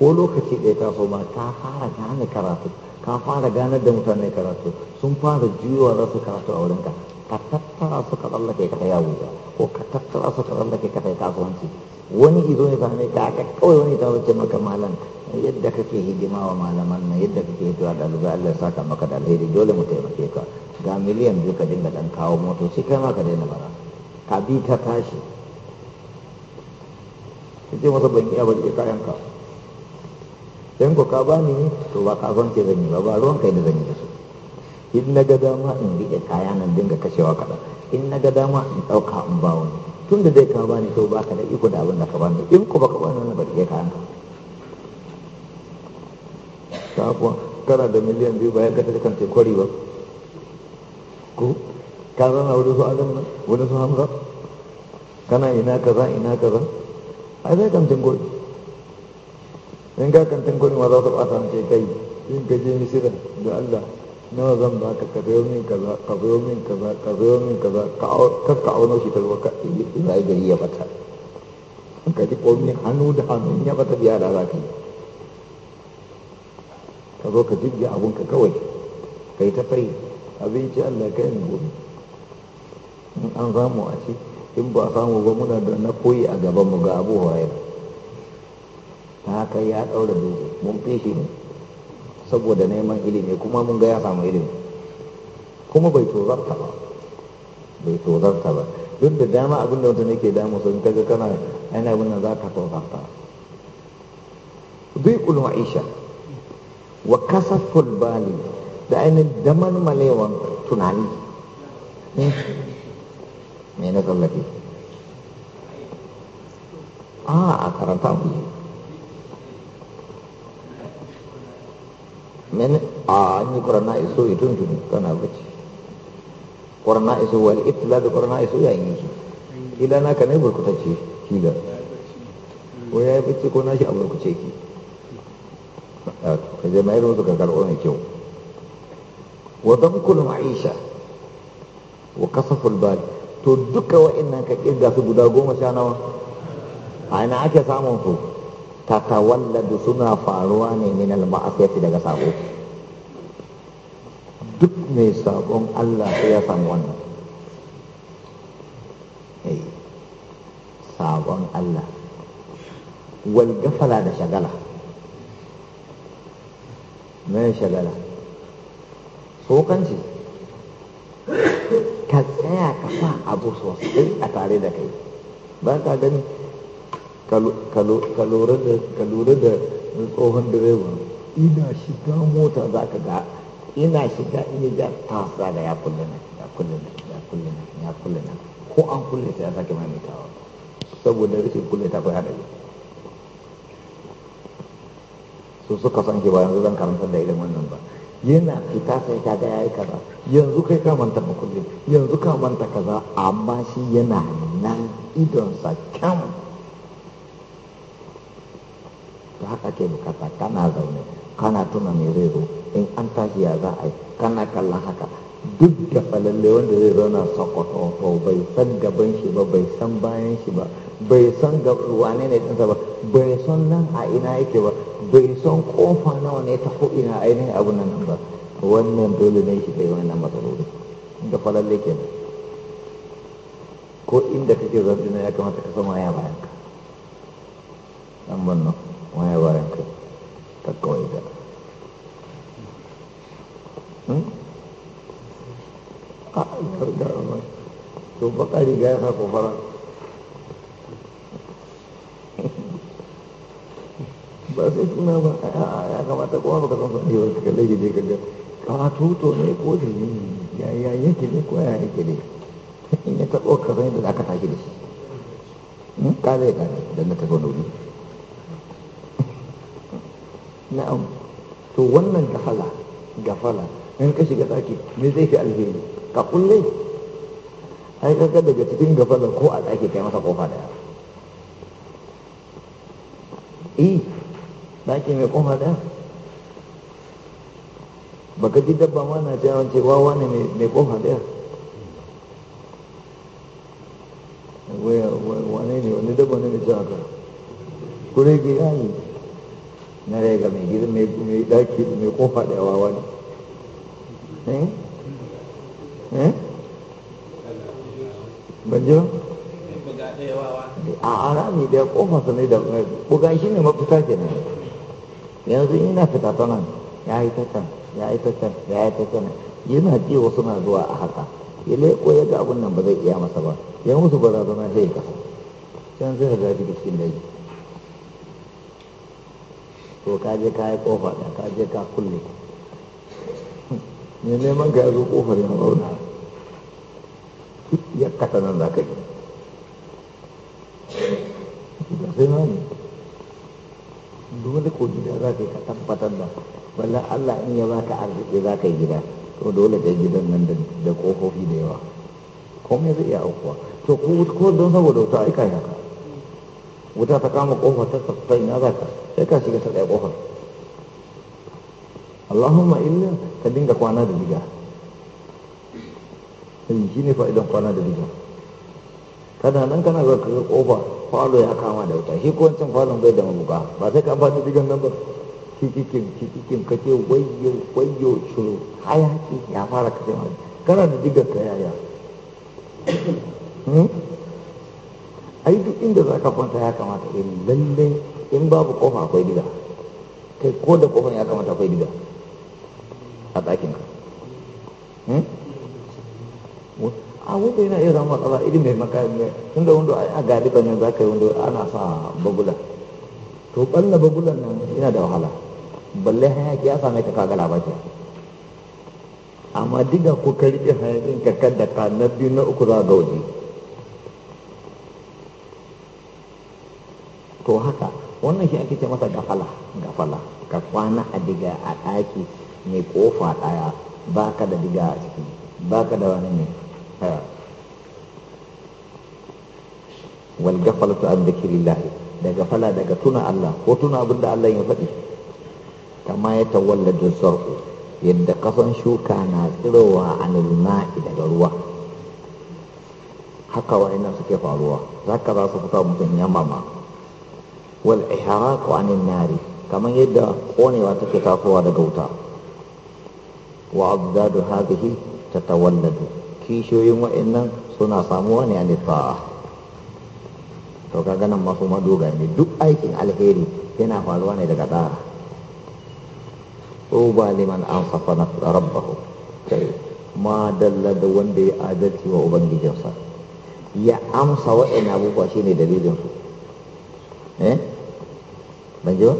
ko lokaci ɗaya ta so ma ta fara gane karatu ka fara ganar da mutane karatu sun fara juyowa za su karatu a wurinka ka tattara su ka tsallake ka ta yawo ko ka tattara su ka tsallake ka ta kasuwanci wani izo za a ka haka kawai wani ta wuce maka malam yadda kake hidima wa malaman nan yadda kake hidima da alubai Allah ya saka maka da alheri dole mu taimake ka ga miliyan biyu ka dinga dan kawo motoci kai ma ka daina bara ka bi ta tashi ka ce masa banki ba kayan ka yanko ka bani to ba kasuwanci zan yi ba ba ruwan kai da zan yi in na ga dama in riƙe kaya nan dinga kashewa kaɗan in na ga dama in ɗauka in ba wani tun da zai kawo bani to ba ka da iko da abin da ka bani in ko ba ka bani wani ba riƙe kayan ka sabuwa kana da miliyan biyu bayan ka kan ce kwari ba ko ka zana wani su adam nan wani su hamza kana ina kaza ina kaza a zai kan kori, in ka kan kori ma za su ɓata ce kai in ka je misira da allah nawa zan ba ka ka biyo min kaza ka biyo min kaza ka biyo min kaza ka ka auno shi ta ruwa ka zai gari ya bata ka ji komi hannu da hannu ya bata biya da za ka yi ka zo ka abun ka kawai ka yi ta fai abinci allah ka yi gobe in an samu a ci in ba samu ba muna da na koyi a gaban mu ga abu yau, ta haka ya ɗaura dole mun fi shi ne saboda neman ilimi kuma mun ga ya samu ilimi kuma bai tozarta ba bai tozarta ba duk da dama abin da mutum yake damu sun kaga kana yana abin da za ka tozarta zai ulma Aisha wa kasaful bali da ainihin daman malewan tunani me na tsallake a ah, a karanta mu mene a ah, ni yi isu itu ya kana wuci ƙwarna isu wal itla da ƙwarna isu ya yi shi kila na burkuta ce shi da ko oh, ya yi ko na shi a burkuce ki ka mai wasu ka karɓo ne kyau wa damkul ma'isha wa kasaful bal to duka wa'annan ka kirga su guda goma sha nawa a ina ake ah, samun su da suna faruwa ne min al-ma'asiyati daga sabo duk mai sabon Allah ya samu wannan eh sabon Allah wal gafala da shagala mai shagala sokanci ka tsaya ka sa abu sosai a tare da kai ba ka gani ka lura da tsohon direban ina shiga mota za ka ga ina shiga ina ja tasa da ya kulle na ya kulle na ya kulle na ya kulle na ko an kulle ta ya sake tawa saboda rikin kulle ta da yi su suka san ke ba yanzu zan karanta da ilimin wannan ba yana fita sai ka ga yayi kaza yanzu kai ka manta ba kulle yanzu ka manta kaza amma shi yana nan idonsa kyan da haka ke bukata kana zaune kana tuna mai zai zo in an tashi ya za a yi kana kallon haka duk da falalle wanda zai zauna sokoto to bai san gaban shi ba bai san bayan shi ba bai san wane ne ɗinsa ba bai san nan a ina yake ba bai san kofa nawa ne ta ko ina ainihin abu nan ba wannan dole ne shi bai wannan matsaloli da falalle kenan ko inda kake zarfi na ya kamata ka sama ya bayan ka dan wannan olyanvarnak такое да. तो पकड़ ही गया था कुफरा बस इतना आया का माता को आप कसम समझी वर्ष कर लेगी देख कर कहा तू तो नहीं कोई नहीं या या ये के लिए कोई आने के लिए ये तो वो कर रहे हैं तो लाख था के लिए काले काले दंड तक नूरी na'am to wannan gafala gafala in ka shiga daki me zai fi alheri ka kulle ai kaga daga cikin gafala ko a tsaki kai masa kofa daya eh daki mai kofa daya baka ji dabba ma na ta yawan cewa wani mai kofa daya wane ne wani dabba ne mai cewa ka kure ke yayi na rai ga mai gidan mai daki mai kofa da yawa wani eh? eh? banjo a arami da kofa su ne da buga shi ne mafita ke nan yanzu ina fita ta nan ya yi ta can ya yi ta can ya yi ta can yana ji wasu na zuwa a haka ya leko ya ga abin nan ba zai iya masa ba ya musu ba za zama sai kasa can zai ga cikin daji to ka je ka yi kofa da ka je ka kulle ne neman ka yazo zo kofar ya auna ya kasa nan za ka yi ba sai na ne dole ko gida za ka yi ka tabbatar da wala Allah in ya ba ka arziki za ka yi gida to dole ka yi gidan nan da kofofi da yawa komai zai iya aukuwa to ko don saboda wuta aika haka wuta ta kama kofa ta tsaye na za ka sai shiga ta ɗaya ƙofar Allahumma illa ka dinga kwana da diga sai shi ne fa'idan kwana da diga kada nan kana zuwa kaga ƙofa falo ya kama da wuta shi kowancin falon bai da mabuka ba sai ka amfani digan nan ba cikikin ka ce wayo wayo shuru hayaki ya fara kace ma kana da digar ka yaya hmm? ai duk inda za ka kwanta ya kamata in eh, lallai in babu kofa akwai gida kai ko da kofar ya kamata akwai gida a ɗakin ka wanda hmm? yana iya zama matsala irin mai tun tunda wando a galiban ne za ka yi wando ana sa bagula to ɓalla bagulan nan yana da wahala balle ki ya same ka kaga labaki amma diga ko ka riƙe hayakin ka kadda ka na biyu na uku za ga waje to haka wannan shi ake ce masa gafala gafala ka kwana a diga a ɗaki mai kofa ɗaya ba ka da diga a ciki ba ka da wani ne wal ta an da gafala daga tuna Allah ko tuna abin da Allah ya faɗi kama ya tawalla da zarfu yadda kasan shuka na tsirowa a nulma'i daga ruwa haka wa'ina suke faruwa za ka za su fita mutum yamma wal ihraq an an-nar kamar yadda konewa take tasowa daga wuta wa abdadu hadhihi tatawalladu kishiyoyin wa'annan suna samuwa ne an ta'a to kaga nan masu madoga ne duk aikin alheri yana faruwa ne daga ba tsara rabbahu kai ma dalla da wanda ya ya wa ubangijinsa ya amsa أمسا abubuwa أبوك وشيني dalilinsu eh. Baju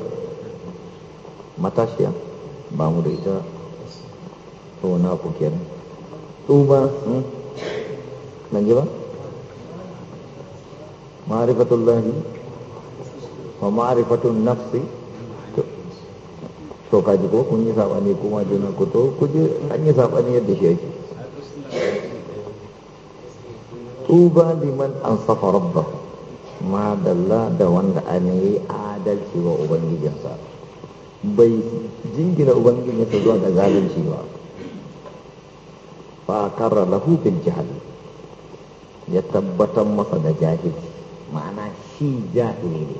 Mata siap Bangun dia kita Oh nak apa kian, Tuba hmm? Nanti apa Ma'rifatullah ni Wa ma'rifatun nafsi So kaji ko kunyi sahabat ni ku maju nak kutu Kunyi kanyi sahabat ni ada siap Tuba liman ansafa rabbah. Madalla da wanda an yi adalci wa ubangijinsa bai jingina ubangijinsa zuwa da zalunci ba fa karra lahu bil jahl ya tabbatar masa da jahil ma'ana shi jahili ne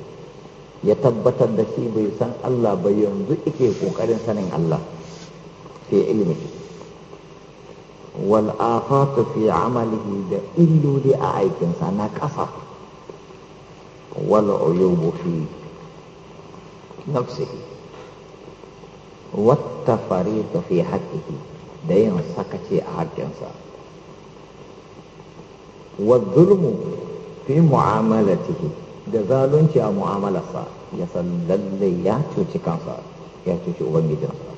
ya tabbatar da shi bai san Allah ba yanzu ike kokarin sanin Allah fi ilmi wal afatu fi amalihi da illoli a aikinsa na kasa والعيوب في نفسه والتفريط في حقه دين سكتي حقنسا والظلم في معاملته da zalunci a mu'amalarsa ya san lallai ya cuci kansa ya cuci ubangijinsa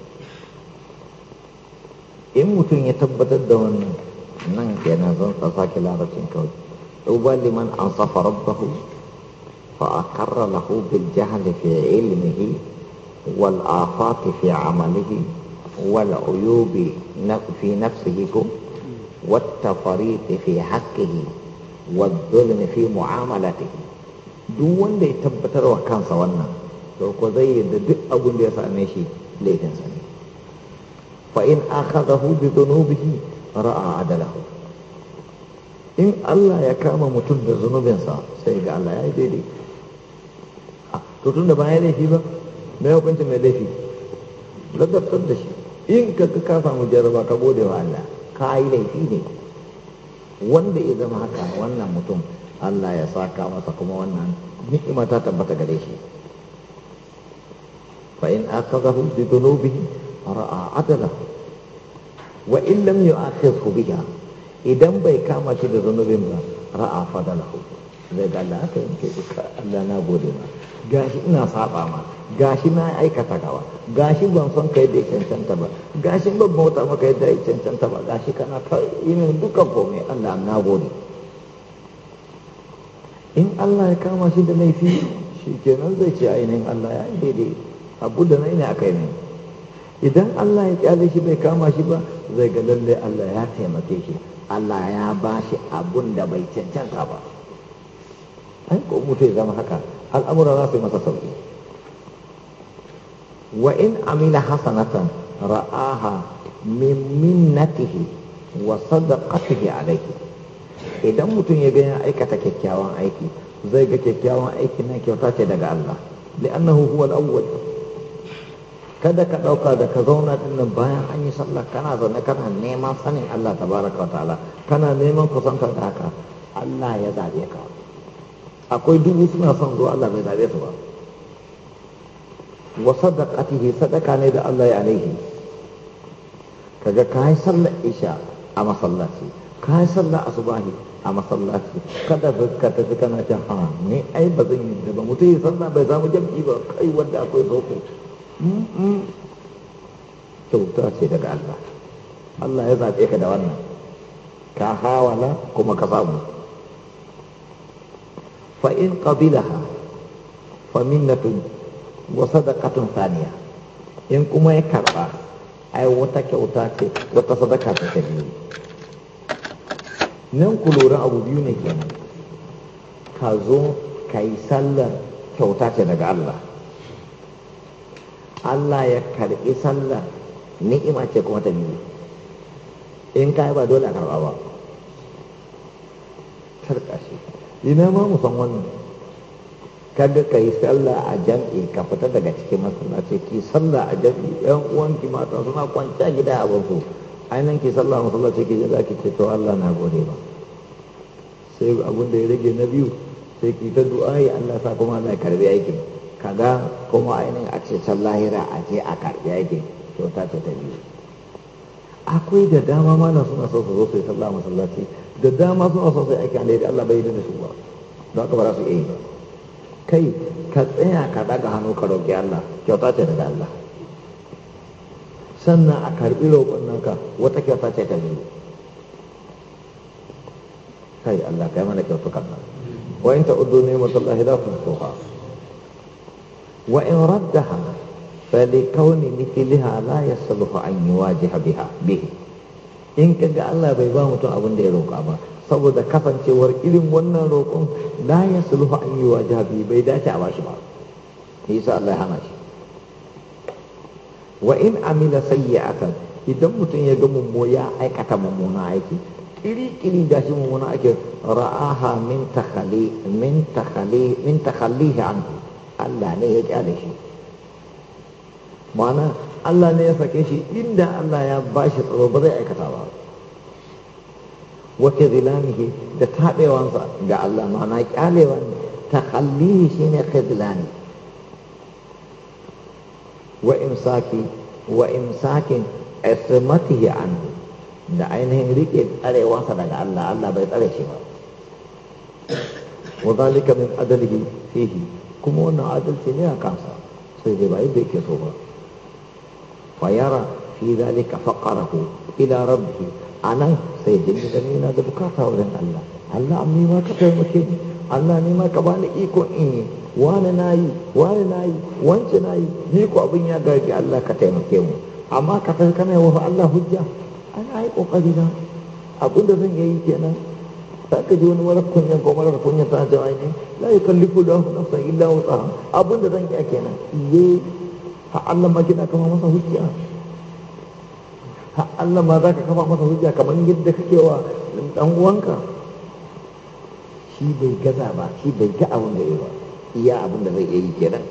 in mutum ya tabbatar da wannan nan kenan zan sake larabcin kawai liman an فأقر له بالجهل في علمه والآفات في عمله والعيوب في نفسه والتفريط في حقه والظلم في معاملته duk wanda ya tabbatar wa kansa wannan to ko zai yadda duk abin da ya same shi laifinsa ne fa in akhadahu bi dhunubihi ra'a adalahu in Allah ya kama mutum da zunubinsa sai ga Allah ya yi daidai to tun da ba ya laifi ba yau kwanci mai laifi ladabtar da shi in ka ka samu jarraba ka gode wa Allah ka yi laifi ne wanda ya zama haka wannan mutum Allah ya saka masa kuma wannan ni'ima ta tabbata gare shi fa in akhadahu bi dhunubihi ra'a adala wa in lam yu'akhidhu biha idan bai kama shi da zunubin ba ra'a fadalahu zai da Allah haka yanke iska Allah na gode ma gashi ina saba ma gashi na aikata gawa gashi ban son kai da cancanta ba gashi ban bauta maka yadda ya cancanta ba gashi kana ta yin duka komai Allah na gode in Allah ya kama shi da laifi shi kenan zai ce ainihin Allah ya daidai abu da nai ne aka yi ne idan Allah ya kyale shi bai kama shi ba zai ga lallai Allah ya taimake shi Allah ya ba shi abun da bai cancanta ba ai ko mutu zama haka al'amura za su yi masa sauki wa in amila hasanatan ra'aha min minnatihi wa sadaqatihi alayhi idan mutum ya ga ya aikata kyakkyawan aiki zai ga kyakkyawan aiki na kyauta ce daga Allah li'annahu huwa al-awwal kada ka dauka da ka zauna dinnan bayan an yi sallah kana zaune kana neman sanin Allah tabaraka wa ta'ala kana neman kusantar da haka Allah ya zabe ka akwai dubu suna son zuwa Allah bai zabe su ba wa sadaqatihi sadaka ne da Allah ya alaihi kaga yi sallar isha a masallaci Ka yi sallar asubahi a masallaci kada ka tafi kana can ha ne ai ba zan yi ba mutum ya sanna bai samu jam'i ba kai wanda akwai zoko mm, mm. kyauta ce daga Allah Allah ya zaɓe ka da wannan ka hawala kuma ka samu فإن قبلها فمنة وصدقة ثانية إن كما يكرر أي وتك وتاتي ta تكبير nan ku lura abu biyu ne kenan ka zo ka yi sallar kyauta ce daga Allah Allah ya karɓi sallar ni'ima ce kuma ta biyu in ka yi ba dole a karɓa ba tarƙa shi ina ma mu san wannan kaga ka yi sallah a jam'i ka fita daga cikin masallaci ki sallah a jam'i yan uwanki mata suna kwanciya gida a wasu ainihin ki sallah masallaci ki za zaki ce to Allah na gode ba sai abin da ya rage na biyu sai ki ta du'a'i Allah sa kuma na karɓi karbi aikin kaga kuma ainihin a ce lahira a je a karbi aikin to ta ce ta biyu akwai da dama na suna so su zo su yi sallah masallaci da dama suna so su yi aiki alheri Allah bai da su ba don haka bara su iya yi kai ka tsaya ka daga hannu ka roƙi Allah kyauta ce daga Allah sannan a karɓi roƙon nan ka wata kyauta ce ta biyu kai Allah kai mana kan nan wa in ta'uddu da la tuhsuha wa in raddaha فلكون مثلها لا ya أن يواجه بها biha in ka ga Allah bai ba mutum abin da ya roƙa ba saboda kafancewar irin wannan roƙon la ya sulhu an yi bih. Bayi bai dace a bashi ba Allah ya hana shi wa in amila sayyi'atan idan mutum ya ga mummo ya aikata mummuna aiki kiri-kiri da shi mummuna ake ra'aha min takhali min takhali min takhallihi anhu Allah ne ya kyale shi Ma'ana Allah ne ya sake shi inda Allah ya ba shi tsaro ba zai aikata ba wata zilanihi da taɓewansa ga Allah mana ƙyalewa ne ta hallihi shi ne ka zilani wa imsaki wa imsakin ismatihi anhu da ainihin riƙe tsarewarsa daga Allah Allah bai tsare shi ba wa zalika min adalihi fihi kuma wannan adalci ne a kansa sai dai ba yadda yake so ba فيرى في ذلك فقره إلى ربه أنا سيجد دنينا دبكاتا ولن الله الله أمي ما كتبكين Allah ne ma ka bani iko in yi wani na yi wani na wance na ni ko abin ya garge Allah ka taimake mu amma ka san kana wa Allah hujja ana yi kokari na abin da zan yi kenan ka ji wani mara kunyan ko mara kunyan ta jawa ne la yukallifu lahu nafsan illa wusaha abin da zan yi kenan ye har Allah ma kina kama masa hujja har Allah ma za ka kama masa hujja kamar yadda kake wa dan uwanka shi bai gaza ba shi bai ga abin da ya ba iya abin da zai iya yi kenan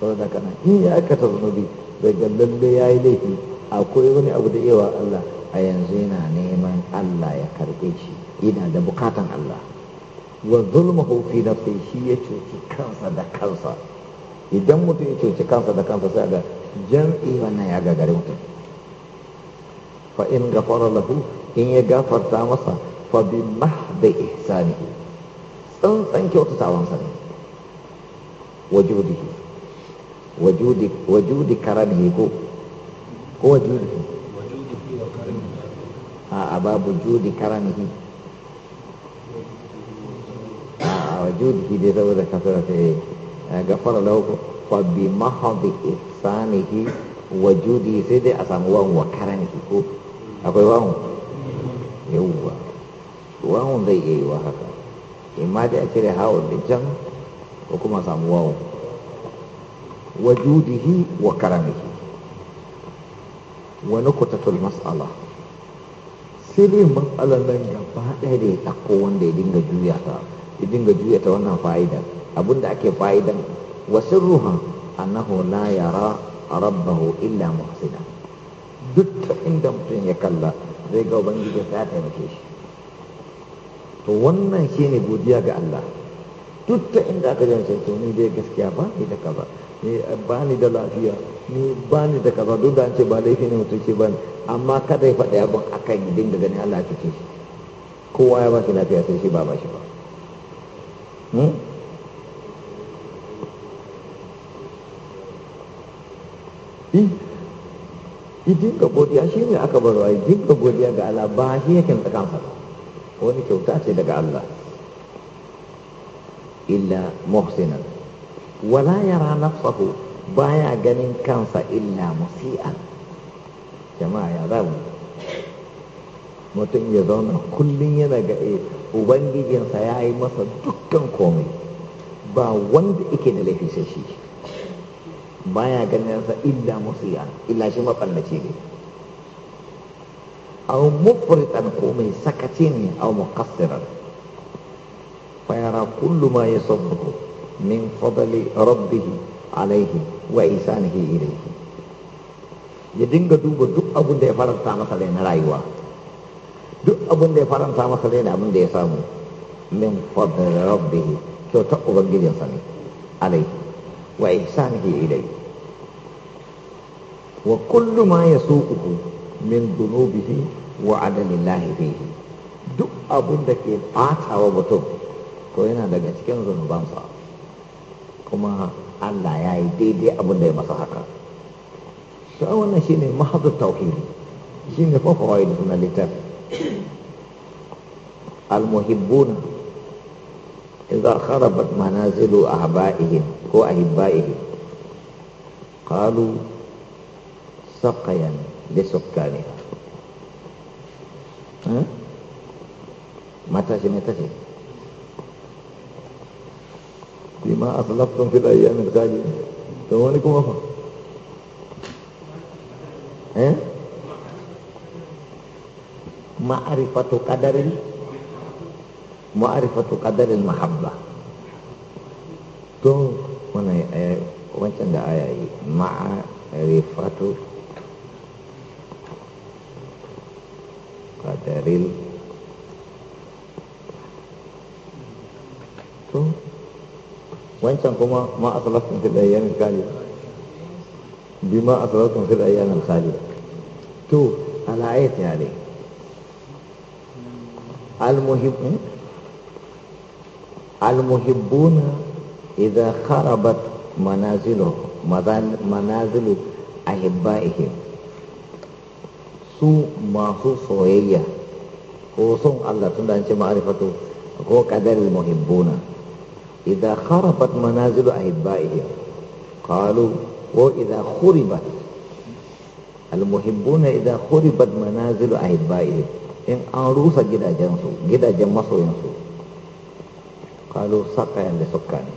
saboda kana in ya ta zunubi bai ga lalle ya yi laifi akwai wani abu da yawa Allah a yanzu yana neman Allah ya karbe shi yana da bukatan Allah wa zulmahu fi nafsihi shi ya cuci kansa da kansa idan mutum ya cuci kansa da kansa sai ga jam'i wannan ya gagare mutum fa in gafara lahu in ya gafarta masa fa bi mahdi ihsanihi tsantsan sa ne wajudihi wajudi wajudi karamihi ko ko wajudihi a a babu judi karamihi a wajudihi dai saboda kasar ta gafara lahu fa bi mahdi ihsanihi wa judi sai dai a samu wan wa karanihi ko akwai wan yawwa wan zai iya yi wa haka imma dai a cire hawa da jan ko kuma samu wan wa judihi wa karamihi wa nukutatul mas'ala sai dai matsalar nan gaba ɗaya da ya ɗauko wanda ya dinga juya ta ya dinga juya ta wannan fa'idar abinda ake fa'idan wasu ruha annahu la yara rabbahu illa muhsina duk inda mutum ya kalla zai ga ubangiji ta taimake shi to wannan shi ne godiya ga Allah duk ta inda aka jance to ni dai gaskiya ba ni da kaza ni ba ni da lafiya ni ba ni da kaza duk da an ce ba laifi ne mutum ce ba amma kada ya faɗa abin akan gidin dinga gani Allah ya cece shi kowa ya ba shi lafiya sai shi ba ba shi ba hmm? ya ka godiya shi ne aka barwa ya ka godiya ga Allah ba shi yake tsakansa wani kyauta ce daga Allah illa muhsinan wala yara nafsahu baya ganin kansa illa musi'an jama'a ya zamu mutum ya zauna kullum yana ga eh, ubangijinsa ya yi masa dukkan komai ba wanda yake da laifin sai shi baya ganin sa illa musiya illa shi mafallaci ne aw mufritan ko mai sakaci ne a muqassiran fa yara kullu ma yasabbu min fadli rabbih alaihi wa ihsanihi ilayhi ya dinga duba duk abin da ya faranta masa rai na rayuwa duk abin da ya faranta masa rai na abin da ya samu min fadli rabbih kyauta ubangijinsa ne alaihi wa ihsanihi ilayhi Wa kullu ma يسوقه min dhunubihi wa adalillahi bihi duk abun da ke batawa mutum to yana daga cikin zunubansa kuma Allah ya yi daidai abun da ya masa haka shi wannan shi ne tauhidi shi ne kawai da suna littafi a idza kharabat manazilu ahba'ihim ko ahibba'ihim qalu sokayan besok kali. Hah? Mata si mata si. Lima asalaf tung fil ayam itu kaji. Assalamualaikum apa? Eh? Ha? Ma'arifatu kadarin ma'arifatu kadarin mahabbah Tung mana ayat Wancang dah ayat Ma'rifatu kadarin qadarin to wancan kuma ma asalatun fil ayyamin khalid bima asalatun fil ayyamin khalid to ala ayati alai المحب المحبون إذا خربت منازله منازل أحبائهم su masu soyayya ko son Allah tun da an ce ma'arifatu ko kadar muhibbuna idan kharafat manazilu ko qalu ko idan khuribat almuhibbuna idan khuribat manazilu ahibbaihim in an rusa gidajen gidajen masoyansu kalu saka yadda li sukkani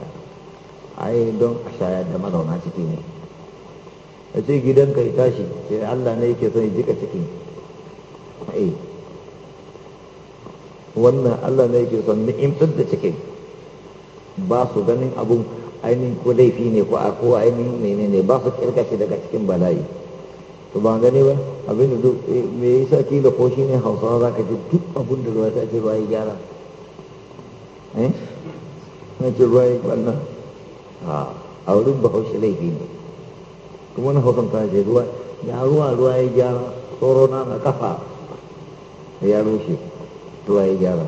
ai don a shayar da mazauna ciki ne a ce gidanka ya tashi ce Allah ne yake son ya jika cikin eh. wannan Allah ne yake son ni'imtar da cikin ba su ganin abun ainihin ko laifi ne ko a ko ainihin menene, ne ba su kirka shi daga cikin bala'i to ba gani ba abin da duk eh, me yasa kila ko ne hausawa za ka ji duk abin da ruwa ta ce ba ya gyara eh na ce ruwa ya kwanna ah, a wurin bahaushe laifi ne wani hoton ta ce ruwa ya ruwa ruwa ya gyara tsoro na na kafa ya rushe ruwa ya gyara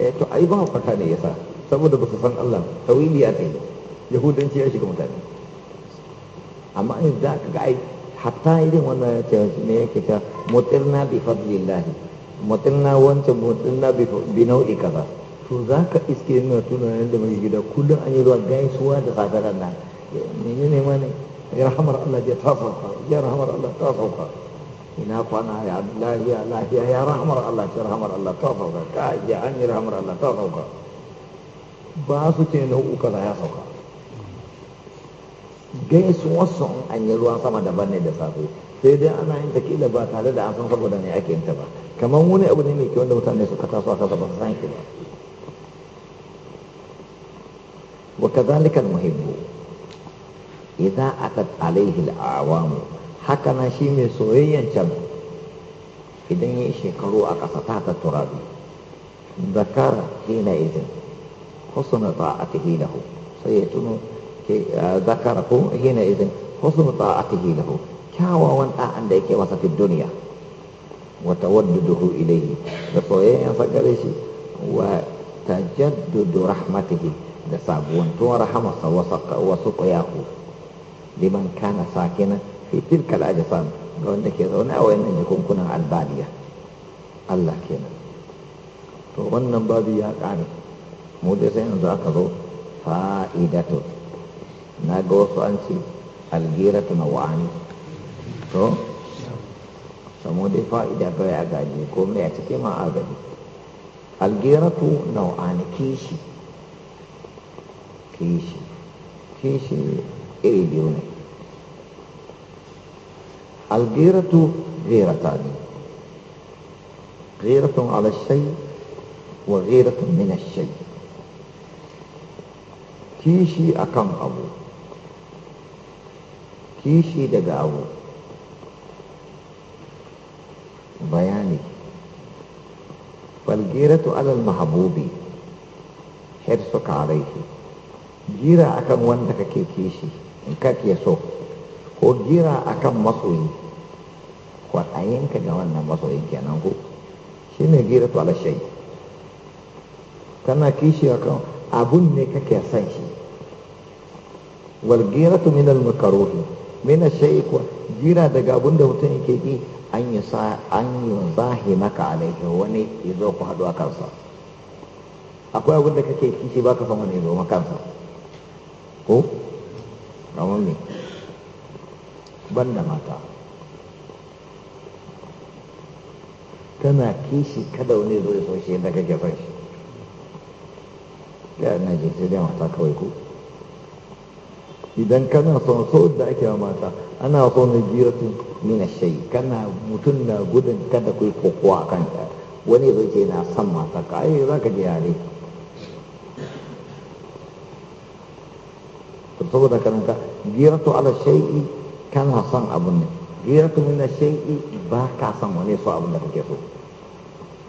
eh to ai ba kwata ne yasa saboda ba su san Allah tawili ya kai yahudanci ya shiga mutane amma in za ka ga hatta irin wannan ne yake ta mutirna bi fadlillah mutirna wancan mutirna bi nau'i kaza to za ka iske nuna tunanin da mai gida kullum an yi zuwa gaisuwa da sadarar nan mene ne ma ne ya rahamar Allah ya tasauka ya rahamar Allah tasauka ina kwana ya lafiya lafiya ya rahamar Allah ya rahamar Allah tasauka ka ya an yi rahamar Allah tasauka ba su ce na uku za ya sauka gaisuwa sun an yi ruwa sama daban ne da safe sai dai ana yin ta kila ba tare da an san saboda ne ake yin ta ba kamar wani abu ne mai kyau da mutane suka taso aka zaba san shi ba وكذلك المحب إذا أتت عليه الأعوام هكذا شيء سويا كم إذن يشي يشكروا أقصتات التراب ذكر حينئذ حسن طاعته له سيتنو ذكره حينئذ حسن طاعته له كاوا وانتا عندك وسط الدنيا وتودده إليه بصويا ينفقريش وتجدد رحمته da sabuwantuwar rahamarsa wasu ƙuyaku liman kana sakinan fi tilkal ajisam ga wanda ke zaune a wayannan kunkunan albaliya Allah kenan to wannan babu ya ƙare mu dai sai yanzu aka zo fa'idatu na ga wasu an ce algiratu na wa'ani to samu dai fa'ida bai a gaji ko mai a cikin ma agaji algiratu na wa'ani kishi في شيء في شيء الغيرة غيرة تاني غيرة على الشيء وغيرة من الشيء كيشي أكام أبو كيشي دقا أبو بياني فالغيرة على المحبوب حرصك عليه jira akan wanda kake kishi in kake so ko jira akan masoyi ka ga wannan masoyin kenan ko shi ne gira tuwala shai kana kishi akan abun ne kake san shi wal giratu min al makaruhi min al shai ko jira daga abun da mutum yake yi an yi sa an yi zahi maka alaihi wani yazo ku haɗu a kansa akwai abun da kake kishi baka san wani yazo maka kansa ko kamar me ban mata tana kishi kada wani zo ya soshe da kake son shi ya na je mata kawai ku idan kana son so da ake wa mata ana so na jiratu mina shai kana mutum na gudun kada ku yi kokowa a kanta wani zai ce na son mata ka ai za ka je yare saboda kanka giratu ala shay'i kana son abun ne giratu min shay'i ba ka son wani so abun da kake so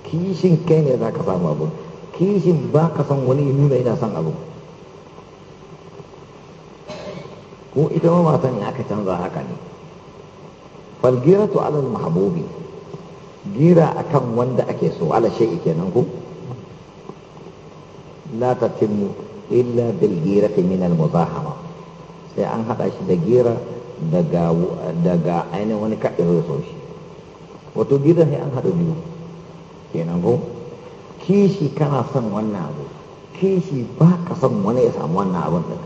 kishin kai ne za ka samu abun kishin ba ka son wani ya nuna yana son abun ko ita ma matan in aka canza haka ne fal to ala mahbubi gira akan wanda ake so ala shay'i kenan ko la tatimmu illa bil girati min al muzahama sai an haɗa shi da gira daga ainihin wani kaɗe zai so shi wato gidan sai an haɗa biyu kenan ko kishi kana son wannan abu kishi ba ka son wani ya samu wannan abun ɗin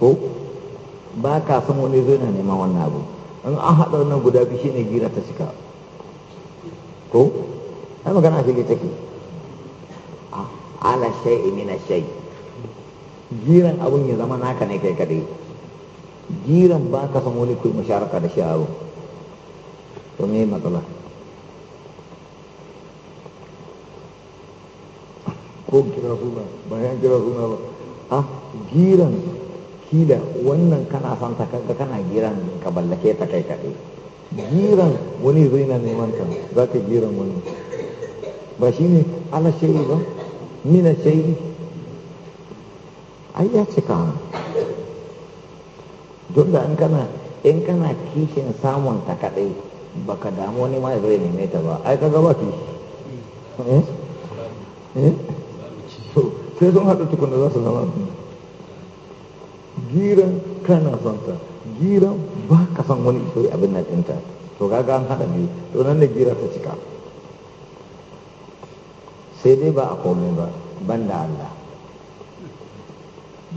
ko ba ka son wani zai na neman wannan abu in an haɗa wannan guda biyu shine gira ta cika ko ai magana fili take ala shay'i min shay giran abun ya zama naka ne kai kadai jiran ba ka san wani kuwa masharaka da shi to me matsala ko kira suna bayan kira suna ba a jiran ah, kila wannan kana son ta kanka kana jiran ka ballake ta kai kaɗai jiran wani zai na neman ka za ka jiran wani ba shi ne ala shayi ba mina shayi ai ya cika don da in kana in kana kishin samun ta kadai baka damu wani ma zai ne ta ba ai kaga ba kishi eh? Eh? sai sun haɗu tukun da za su zama giran kana son ta giran ba ka san wani isori abin na ɗinta to kaga an haɗa biyu to nan da gira ta cika sai dai ba a komai ba ban da Allah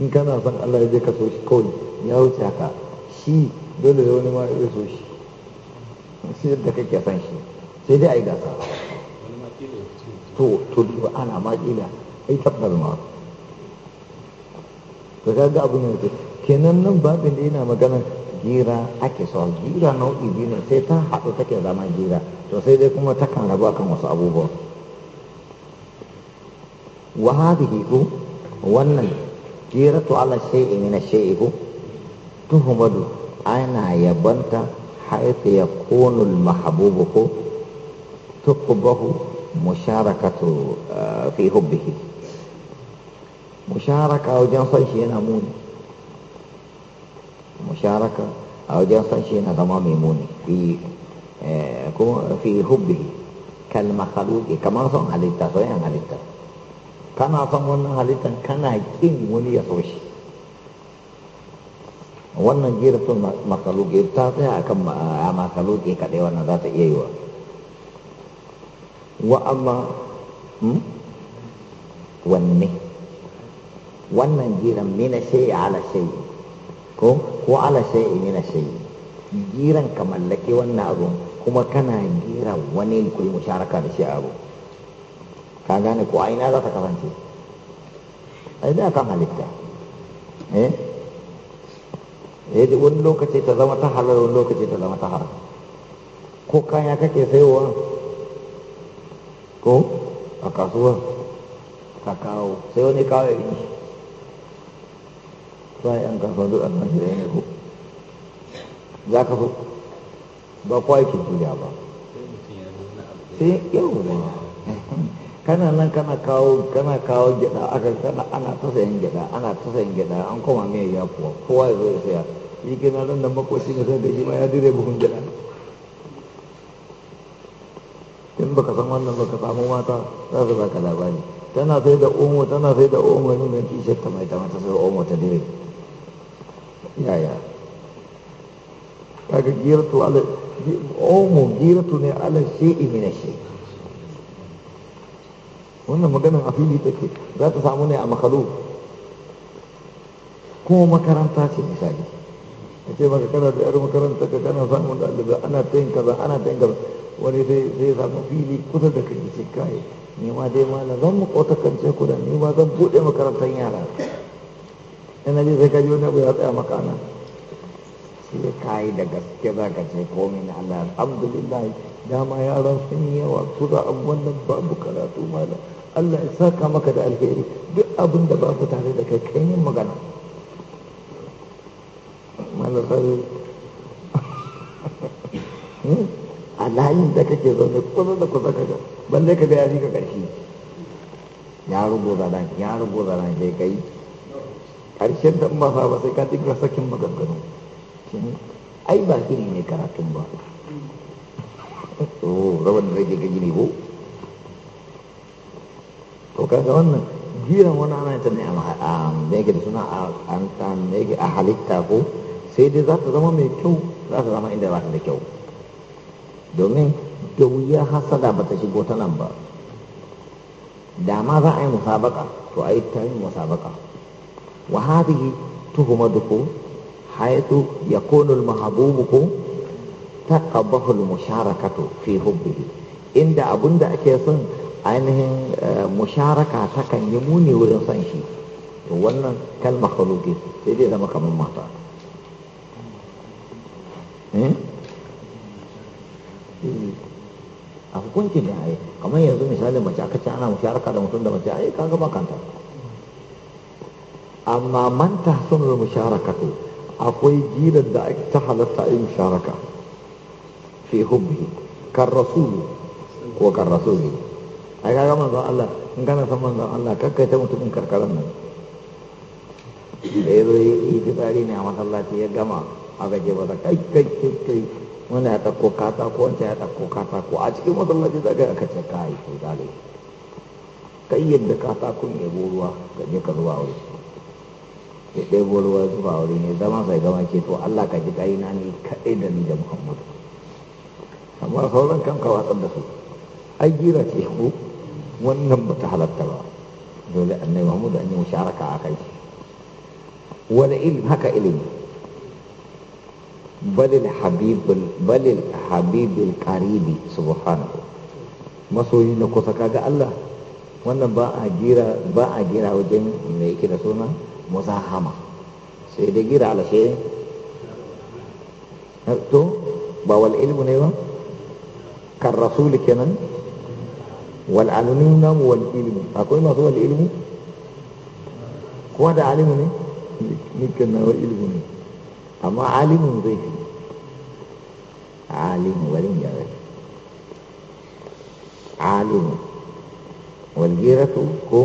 in kana son Allah ya je ka so shi kawai ya wuce haka shi dole ya wani ma ya shi shi da kake san shi sai dai a yi gasa to to duba ana ma kila ai tabbar ma to kaga abu ne kenan nan babin da yana magana gira ake so gira nau'i biyu ne sai ta haɗu take zama gira to sai dai kuma takan rabu akan wasu abubuwa wa hadhihi wannan to ala shay'in min ash-shay'i tuhumadu ana yabanta haifi ya konul mahabubu ko tukubahu musharakatu eh, fi hubbihi musharaka wajen sanshi shi yana muni musharaka a wajen sanshi shi yana zama mai muni fi eh, hubbihi kalma haluki kamar son halitta son yan halitta kana son wannan halittar kana kin wani ya soshi shi wannan girfin makaluke ta tsaya akan ah, makaluke kaɗai wannan za ta iya yi wa wa amma wanne wannan jiran mina shayi ala shayi ko ko ala shayi mina shayi Jiran ka mallake wannan abu kuma kana jira wani ku yi musharaka da shi abu ka gane ko aina za ta kasance ai da kan halitta eh yadda wani lokaci ta zama ta halar wani lokaci ta zama ta hara ko kaya kake saiwa ko a kasuwa ka kawo sai wani kawo ya yi sa yan kasuwa duk an mashi ne ko za ka so ba kwa yake juya ba sai yau da kana nan kana kawo kana kawo gida aka kana ana ta sayan gida ana ta sayan gida an koma mai ya kuwa kowa ya zo ya saya shi ke na da makoci na sai da shi ma ya dire buhun gida in baka san wannan baka samu mata za su baka labari tana sai da omo tana sai da omo ne mai kishar ta mai ta mata sai omo ta dire yaya kaga girtu ala omo girtu ne ala shi'i min shi. wannan maganin a fili take za ta samu ne a makalu kuma makaranta ce misali a ce maka kana da yar makaranta ka kana samun ɗalibai ana ta yin kaza ana ta yin kaza wani zai zai samu fili kusa da kai ce kai ni ma dai ma na zan mu kotakance ku da ni ma zan bude makarantar yara ina ji sai ka ji wani abu ya tsaya maka nan sai ka yi da gaske za ka ce komi na Allah alhamdulillah dama yaran sun yi yawa su za a wannan babu karatu malam Allah ya saka maka da alheri duk abin da babu tare da kai kai yin magana mana hmm? a layin da kake zaune da kusa kaga balle ka ka ya nan ya nan sai kai ba ba sai ka sakin maganganu hmm? ai ba ne karatun ba to oh, rawan da ne ko to kaga wannan jiran wani ana ta ne a da suna a halitta ko sai dai za ta zama mai kyau za ta zama inda za ta da kyau domin da wuya hasada ba ta shigo ta nan ba da ma za a yi musabaka to a yi ta yi musabaka wa hadhihi haitu ya yakunu al-mahbubukum taqabbahu al-musharakatu fi hubbihi inda abun da ake son ainihin musharaka kan yi muni wurin son shi to wannan kalmar haluki sai dai zama kamar mata a hukunci da ai kamar yanzu misalin mace aka cana ana mu sharaka da mutum da mace ai kaga ba kanta amma manta ta sun mu musharakatu akwai girar da ta halatta yin sharaka fi hubbi kan rasulu ko kan rasuli ai kaga manzon Allah in kana san manzon Allah kakkai ta mutumin karkaran nan da ya zo yi fitsari ne a masallaci ya gama aka ba masa kai kai kai kai wani ya ɗauko katako wancan ya ɗauko katako a cikin ta zaga aka ce kai to zaga kai yadda katakon ya bo ruwa ka je ka zuba wuri ya ɗebo ruwa zuba wuri ne zama sai gama ke to Allah ka ji kai na ne kaɗai da ni da Muhammadu amma sauran kanka watsar da su ai gira ce ko wannan ba ta halatta ba dole annai Muhammadu an yi musharaka a kai wani ilimin haka ilimi Balil habibul balil habibul qaribi subhanahu masoyi na kusa kaga Allah wannan ba a gira ba a gira wajen me yake da suna muzahama sai da gira ala shi to ba wal ilmu ne ba kan rasul kenan wal alimin namu wal ilmu akwai masu wal ilmu ko da alimu ne nikan na wal ilmu ne amma alimin zai fi alimin wurin ya rai alimin walgiratu ko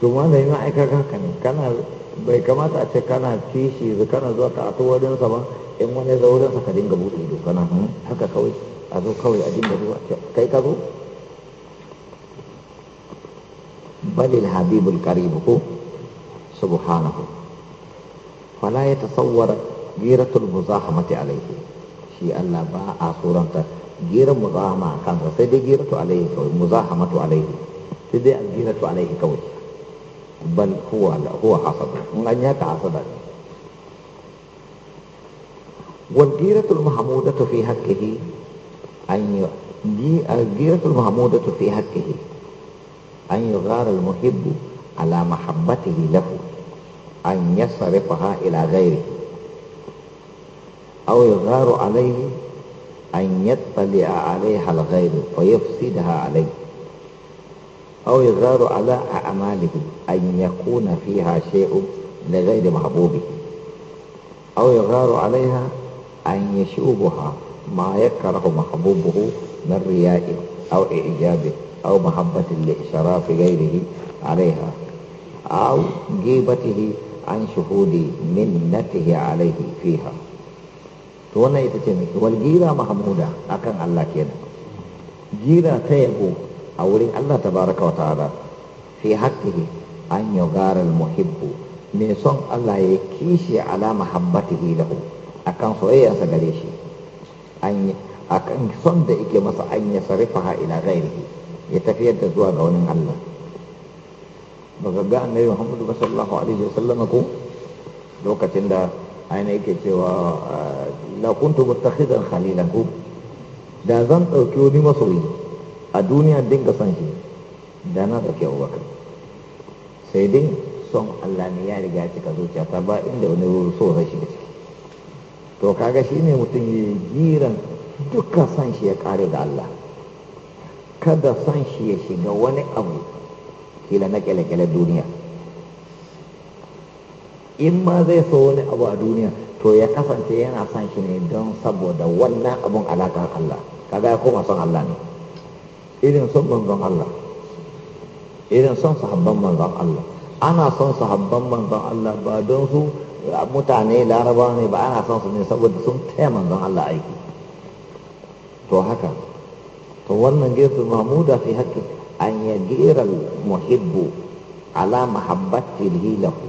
kuma mai ma'aikar haka ne kana bai kamata a ce kana kishi kana zuwa karatu wajensa ba in wani zaurinsa ka dinga buɗe ido kana hmm, haka kawai a zo kawai a dinga zuwa kai ka zo balil habibul karibu ko subhanahu fala ya tasawwara giratul muzahamati alaihi shi Allah ba a suranta giran muzahama kan sai dai giratu alaihi kawai muzahamatu alaihi sai dai giratu alaihi kawai bal huwa huwa hasad in an yaka hasada wal giratul mahmudatu fi haqqihi an yi giratul mahmudatu fi haqqihi an muhibbu ala mahabbatihi lahu an yasrifaha ila ghairihi أو يغار عليه أن يطلع عليها الغير ويفسدها عليه أو يغار على أعماله أن يكون فيها شيء لغير محبوبه أو يغار عليها أن يشوبها ما يكره محبوبه من رياء أو إعجابه أو محبة لإشراف غيره عليها أو جيبته عن شهود منته عليه فيها to wannan ita ce mai wal gira mahmuda akan Allah kenan gira ta yabo a wurin Allah tabaraka wa ta'ala fi haƙƙihi an yau garar muhibbu mai son Allah ya kishi ala mahabbatihi lahu akan soyayyarsa gare shi akan son da yake masa an ya ha ila gairihi ya tafiyar da zuwa ga wani Allah ba ga annabi Muhammadu sallallahu alaihi wasallam ko lokacin da aina yake cewa la kuntu mutakhidan khalilan ku da zan dauki wani masoyi a duniya dinga san shi da na dauki Abubakar sai dai son Allah ne ya riga cika zuciya ta ba inda wani so zai shiga ciki to kaga shine mutum ya jiran dukkan san shi ya kare da Allah kada san shi ya shiga wani abu kila na kyale kyalen duniya in ma zai so wani abu a duniya to ya kasance yana son shi ne don saboda wannan abun alaƙar Allah kaga ya koma son Allah ne irin son manzon Allah irin son sahabban manzon Allah ana son sahabban manzon Allah ba don su mutane laraba ne ba ana son su ne saboda sun taya manzon Allah aiki to haka to wannan gefe mahmuda fi haƙƙi an ya gerar muhibbu ala mahabbati lahu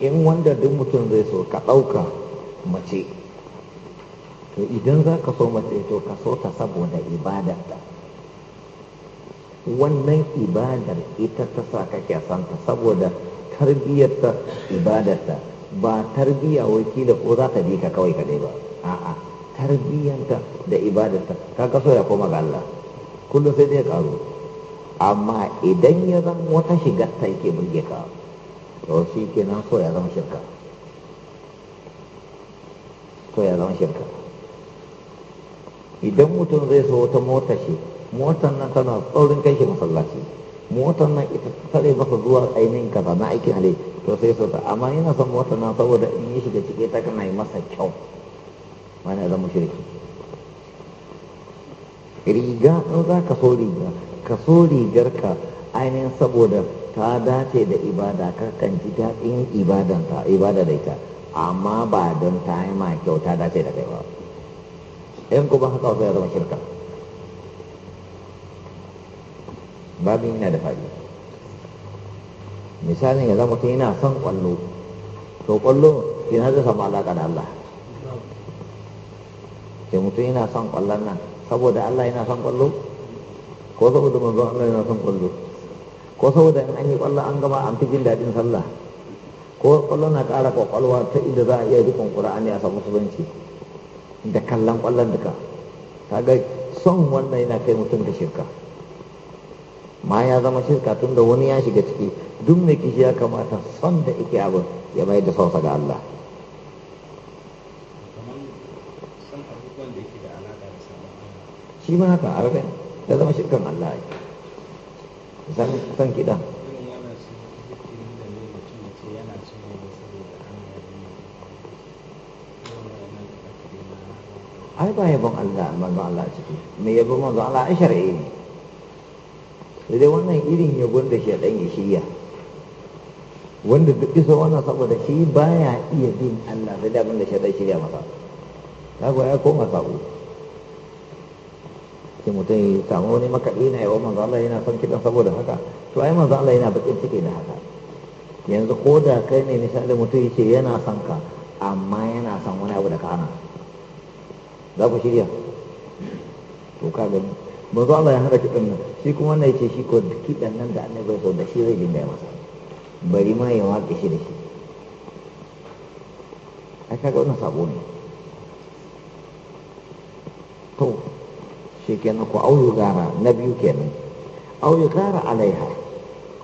in wanda duk mutum zai so ka ɗauka mace to idan za ka so mace to ka so ta saboda ibadarta wannan ibadar ita ta sa kake santa saboda tarbiyyarta ibadarta ba tarbiyya wakila ko za ta bi ka kawai kaɗai ba a'a tarbiyyanta da ibadarta ta so ya koma ga Allah kullum sai dai ya karo amma idan ya zama wata shigar ta yake burge ka to kenan ko ya zama shirka ko ya zama shirka idan mutum zai so wata mota ce motar nan tana tsaurin kai shi masallaci motar nan ita tare masa zuwa ainihin kaza na aikin hali to sai so ta amma yana son motar na saboda in yi shiga cike ta kana masa kyau wani zama shirki riga in za ka so riga ka so rigar ka ainihin saboda ta dace da ibada kakan ji daɗin ibadanta ibada da ita amma ba don ta yi ma kyau ta dace da kai ba in kuma haka wasu ya zama shirka babin yana da faɗi misalin ya zama mutum yana son ƙwallo to ƙwallo yana zai samu alaƙa da Allah ke mutum yana son ƙwallon nan saboda Allah yana son ƙwallo ko saboda manzon Allah yana son ƙwallo ko saboda in an yi kwallo an gama an fi jin daɗin sallah ko kwallo na ƙara kwakwalwa ta inda za a iya rikon ƙura'ani a samu musulunci da kallon kwallon duka kaga son wannan yana kai mutum da shirka ma ya zama shirka tun da wani ya shiga ciki duk mai kishi ya kamata son da ike abin ya mai da sausa ga Allah shi ma haka a da zama shirkan Allah ya san kiɗan ai ba yabon Allah manzo Allah a ciki mai yabon manzo Allah a shar'i ne dai wannan irin yabon da shi ya shirya wanda duk isa wannan saboda shi baya iya bin Allah da damin da shaidan shirya masa kaga ya koma sabo sai mutum ya samu wani makaɗi na yawon manzo Allah yana son kiɗan saboda haka to ai manzo Allah yana bakin ciki da haka yanzu ko da kai ne misali mutum ya ce yana son ka amma yana son wani abu da ka hana za ku shirya to ka gani manzo Allah ya haɗa kiɗan nan shi kuma wannan ya ce shi ko kiɗan nan da annabi so da shi zai jinda masa bari ma ya waƙe shi da shi ai kaga wannan sabo ne shi kenan ku auyu gara na biyu kenan auyu gara alaiha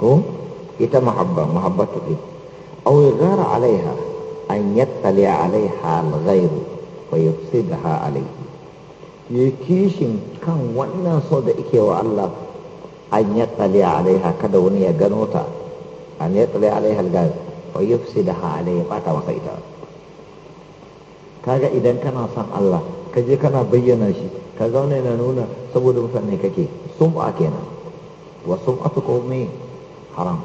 ko ita mahabba ta ke auyu gara alaiha an yattali alaiha al-ghairu wa yufsidaha alaihi yi kishin kan wannan so da ike wa Allah an yattali alaiha kada wani ya gano ta an yattali alaiha al-ghairu wa yufsidaha alaihi bata masa ita kaga idan kana son Allah kaje kana bayyana shi ka zauna yana nuna saboda mutane kake a kenan wasu sum'atu kome haram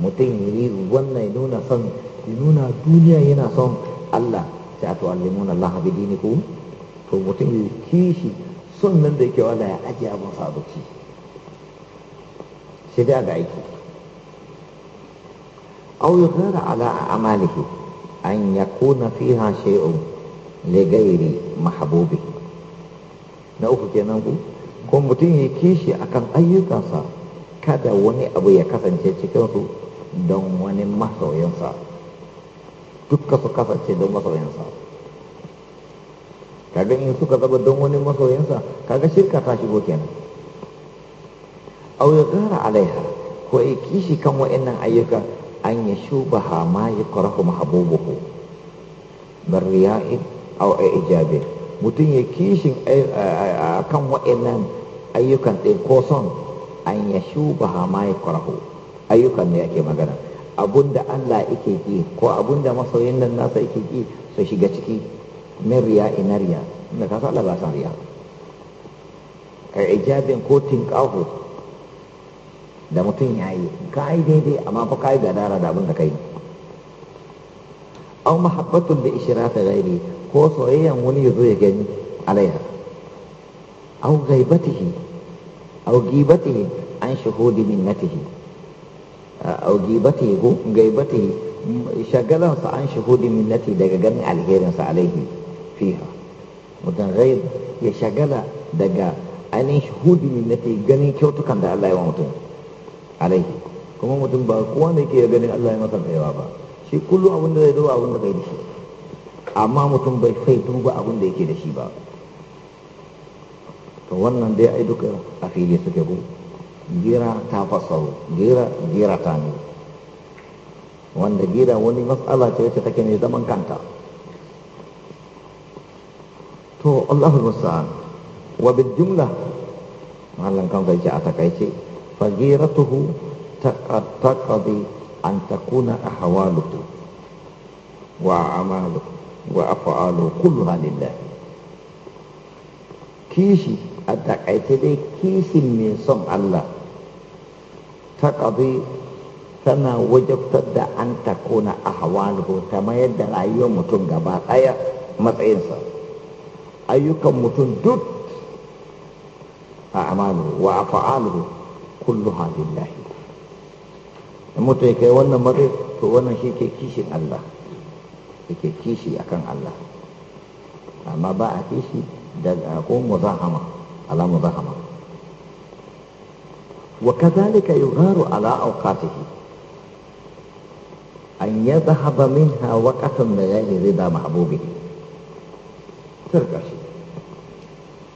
mutum yi wannan nuna son nuna duniya yana son Allah sai a tu'allimun Allah bi dinikum to mutum kishi son nan da yake wala ya ajiye abin sabuci sai dai ga aiki aw ala'a ala amalihi an yakuna fiha shay'un ligairi mahabubi na uku kenan ku ko mutum ya kishi akan ayyukansa kada wani abu ya kasance cikinsu don wani masoyansa dukka su kasance don masoyansa kaga in suka zaba don wani masoyansa kaga shirka ta shigo kenan au ya gara alaiha ko ya kishi kan wa'annan ayyuka an ya shubaha ma ya karahu mahabubuhu barriya'in au a ijabe mutum ya kishin a kan wa'annan ayyukan ɗin ko son an ya shuba ma ya kwarahu ayyukan da yake magana abun da Allah yake ki ko abun da masoyin nan nasa yake ki su shiga ciki min riya ina riya inda ka Allah ba san riya a ijabin ko tinkahu da mutum ya yi ka yi daidai amma fa ka yi gadara da abin da ka yi aw mahabbatun bi ishrata ghairi ko soyayyan wani yazo ya gani alaiha aw ghaibatihi aw ghibatihi an shuhudi minnatihi aw ghibatihi ko ghaibatihi shagalan sa an shuhudi minnati daga ganin alherin sa alaihi fiha mutan ghaib ya shagala daga ainihin shuhudi minnati ganin kyautukan da Allah ya wa mutum alaihi kuma mutum ba kowa ne ke ganin Allah ya masa baiwa ba shi kullum abin da zai duba abin da bai da shi amma mutum bai sai duba abin da yake da shi ba to wannan dai ai duka a fili suke go gira ta fasaru gira gira ta ne wanda gira wani matsala ce wacce take ne zaman kanta to Allahu musta'an wa bil jumla mallan kan ce a takaice tuhu taqaddi an takuna a hawa hawaluku wa amalu wa afa'alu kullu lillah kishi a takaice dai kishi mai son Allah ta ƙabi tana wajabtar da an takuna a hawa hawaluku ta mayar da rayuwar mutum gaba ɗaya matsayinsa ayyukan mutum duk a amalu wa a afa'alu kullu lillahi mutu ya kai wannan matsayi to wannan shi ke kishin Allah yake kishi akan Allah amma ba a kishi daga ko muzahama ala muzahama wa kadhalika yugharu ala awqatihi an yadhhaba minha waqatan la yajida mahbubihi tarkashi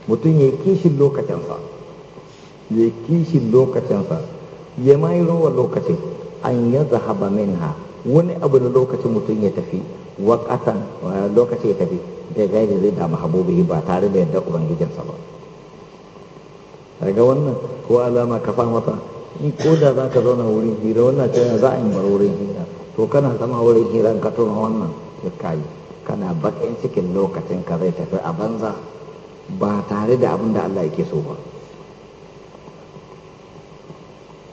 mutum ya kishin lokacinsa ya kishin lokacinsa ya ma yi lokacin an ya zahaba ha wani abu da lokacin mutum ya tafi waƙatan lokacin ya tafi da gaji zai damu habobi ba tare da yadda ubangijinsa ba daga wannan ko alama kafa mata in ko da za ka zauna wurin hira wannan ce za a yi bar wurin hira to kana zama wurin hira ka tona wannan ya kayi kana bakin cikin lokacin ka zai tafi a banza ba tare da abin da Allah yake so ba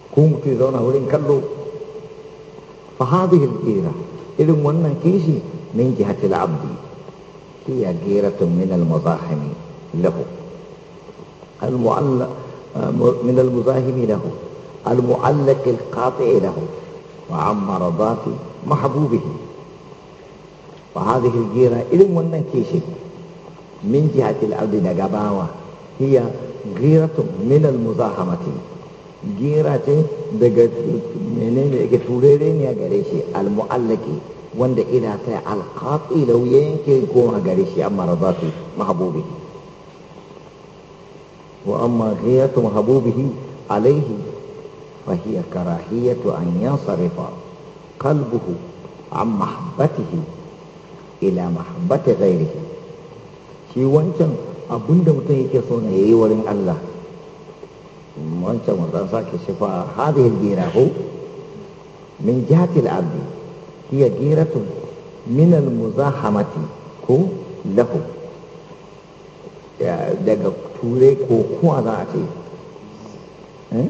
ko mutum zauna wurin kallo فهذه الجيرة إذا من كيسي من جهة العبد هي جيرة من المزاحم له المعلق من المزاحم له المعلق القاطع له وعن مرضات محبوبه وهذه الجيرة إذا من كيسي من جهة العبد نقباوة هي غيرة من المزاحمة gera ce daga menene yake turere ne a gare shi almu'allaki wanda ina ta alƙaƙi da wuya yanke koma gare shi amma za su mahabubi wa amma ghiyatu mahabubihi alaihi fa hiya karahiyatu an yansarifa qalbuhu an mahabbatihi ila mahabbati ghairihi shi wancan abinda mutum yake so na yayi wurin Allah wancan wanzan sake shifa hadhihi gira girahu min jihati al-abdi hiya giratun min al-muzahamati ko lahu daga ture ko kuwa za a ce eh?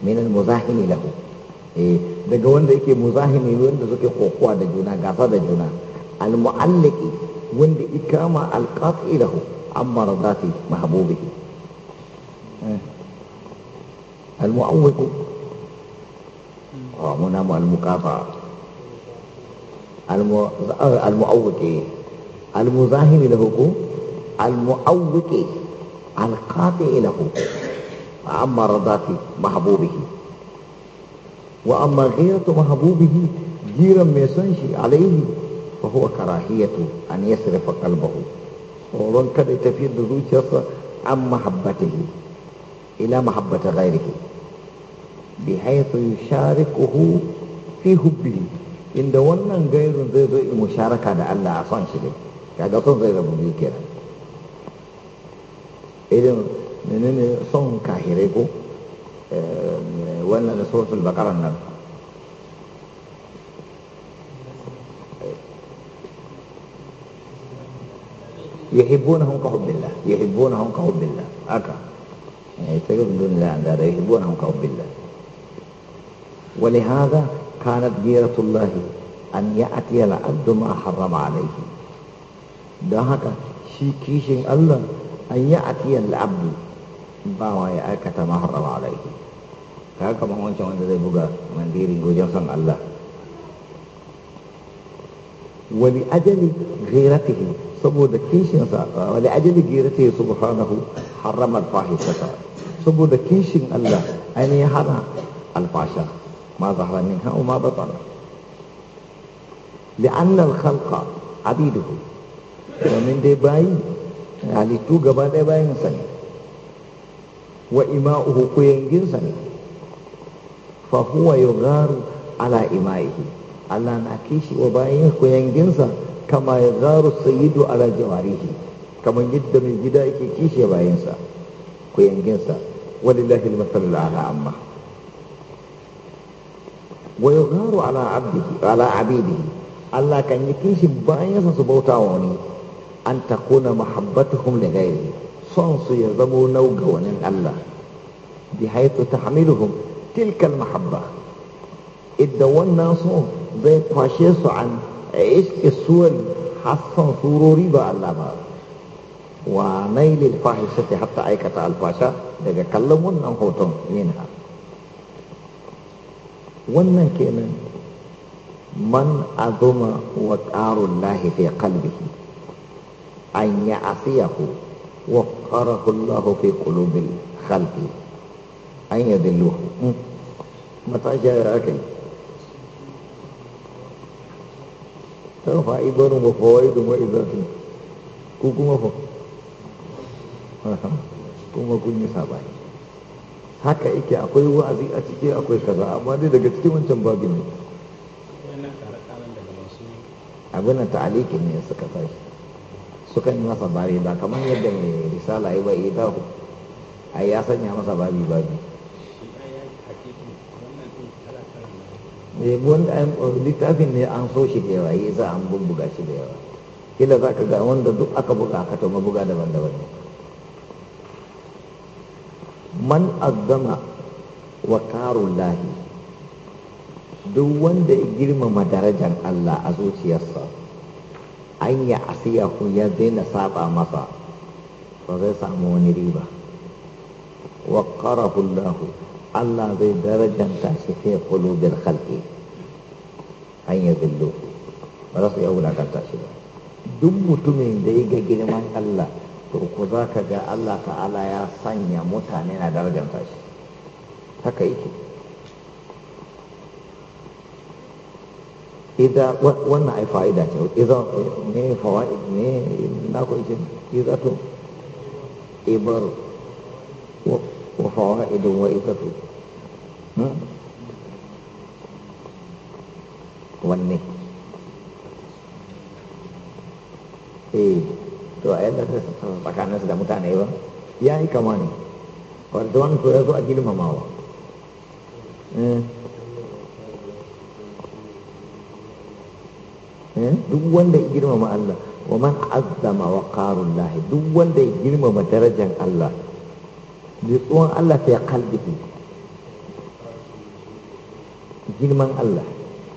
min al-muzahimi lahu daga eh, wanda yake muzahimi wanda suke kokowa da juna gasa da juna al muallaki wanda ikama al-qat'i lahu عن مرضات محبوبه المعوض ومن آه، المكافأة المعوض آه، المزاحم له المعوض القاطع له عن مرضات محبوبه وأما غيرة محبوبه جيرا ما عليه فهو كراهية أن يصرف قلبه tsoron kada tafi tafiyar da zuciyarsa an mahabbatihi ila mahabbata ke bi haythu yusharikuhu fi hubbi inda wannan gairin zai zo in musharaka da Allah a son shi ne kaga son zai rabu biyu kenan irin menene son kahirai ko wannan sosul bakaran nan يحبونهم كحب الله يحبونهم كحب الله أكا دون الله عن هذا يحبونهم كحب الله ولهذا كانت جيرة الله أن يأتي العبد ما حرم عليه ده هكا شي كيشن الله أن يأتي العبد باوا يا أكا ما حرم عليه haka kuma wancan wanda zai buga mandirin gojen son Allah wali ajali ghairatihi saboda kishin sa wali ajali ghairatihi subhanahu harrama al-fahishata saboda kishin Allah ainihin hana alfasha ma zahara min ha'u ma batala li'anna al-khalqa abiduhu domin dai bayi halittu gaba ɗaya bayansa ne wa ima'uhu kuyanginsa ne fa huwa yugharu ala ima'ihi Allah na kishi wa bayan kuyanginsa kama ya zaru sayyidu ala jawarihi kamar yadda mai gida yake kishi bayansa kuyanginsa walillahi al-masal ala amma wa yugharu ala abdihi ala abidihi Allah kan yi kishi bayansa su bauta wa wani an takuna mahabbatuhum li ghairi son su ya zamo nauga wani Allah bi haythu tahmiluhum tilka al-mahabba الدوان ناسو zai kwashe su an iske suwar hassan surori ba Allah ba wa nailil fahishati hatta aikata alfasha daga kallon wannan hoton minha wannan kenan man azuma wa qarul lahi fi qalbihi an ya'siyahu wa qarahu Allah fi qulubil khalqi an yadilluhu mata jira kai kan fa'ibar mu fawai da ma'izatu ko kuma fa kuma kun yi sabani haka yake akwai wa'azi a ciki akwai kaza amma dai daga cikin wancan babu ne abin da ta'aliki ne suka tashi sukan yi masa bari ba kamar yadda mai risala ya bai ta a ya sanya masa babu-babu. mai eh, wanda an oh, littafin ne an so shi da yawa yi eh, za an bubbuga shi da yawa kila za ka ga wanda duk aka buga aka to buga daban-daban ne man azama wa lahi duk wanda ya girmama darajar Allah a zuciyarsa an yi asiya ku ya daina saba masa ba zai samu wani riba wa qarahullahu Allah zai darajanta shi fi kulubin khalqi an yi zillo ba za su iya wulakanta shi ba duk mutumin da ya ga girman Allah to ku za ka ga Allah ta'ala ya sanya mutane na darajar tashi haka yake idan wannan ai fa'ida ce idan ne fawa'id ne na ku ce idan to ibar wa fawa'idun wa idatu wanne oh, eh to eh? a yadda suka tsakaninsu da mutane ba ya yi wani to ya zo a girmamawa duk wanda ya girmama Allah wa man azzama wa qarun duk wanda ya girmama darajar Allah nutsuwan Allah sai kalbi girman Allah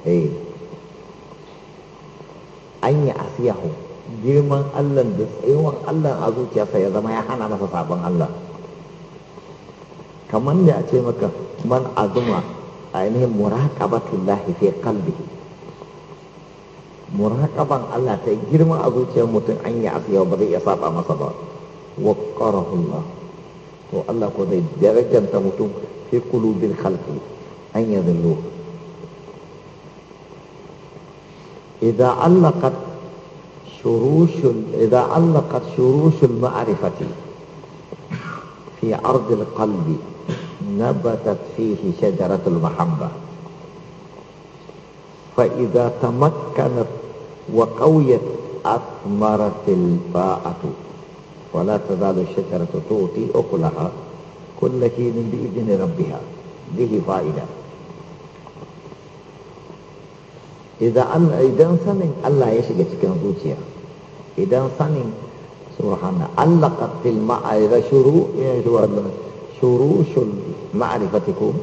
eh an yi asiyahu girman Allah da tsayuwar Allah a zuciyarsa ya zama ya hana masa sabon Allah kamar da a ce maka man azuma ainihin muraqabatullahi fi qalbihi muraqaban Allah ta girma a zuciyar mutum an yi asiya ba zai iya saba masa ba wa qarahullah to Allah ko zai darajanta mutum fi qulubil khalqi an yadhilluhu إذا علقت شروش إذا علقت شروش المعرفة في عرض القلب نبتت فيه شجرة المحبة فإذا تمكنت وقويت أثمرت الباءة ولا تزال الشجرة تؤتي أكلها كل حين بإذن ربها به فائدة idan sanin Allah ya shiga cikin zuciya idan sanin subhana Allah qatil ma'ayra shuru ya shurushul ma'rifatikum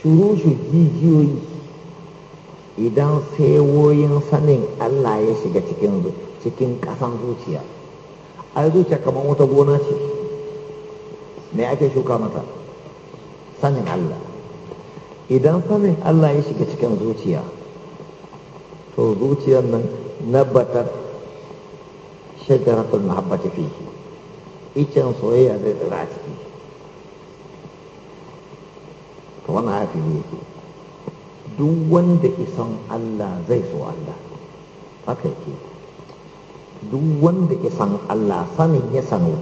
shurushul jijiyoyi idan sewoyin sanin Allah ya shiga cikin cikin kasan zuciya a zuciya kamar wata gona ce me ake shuka mata sanin Allah idan sanin Allah ya shiga cikin zuciya to zuciyar nan na shagaratun shajaratul mahabbati fihi icen soyayya zai tsira a ciki to wani haifi ne yake duk wanda isan Allah zai so Allah haka yake duk wanda isan Allah sanin ya sanu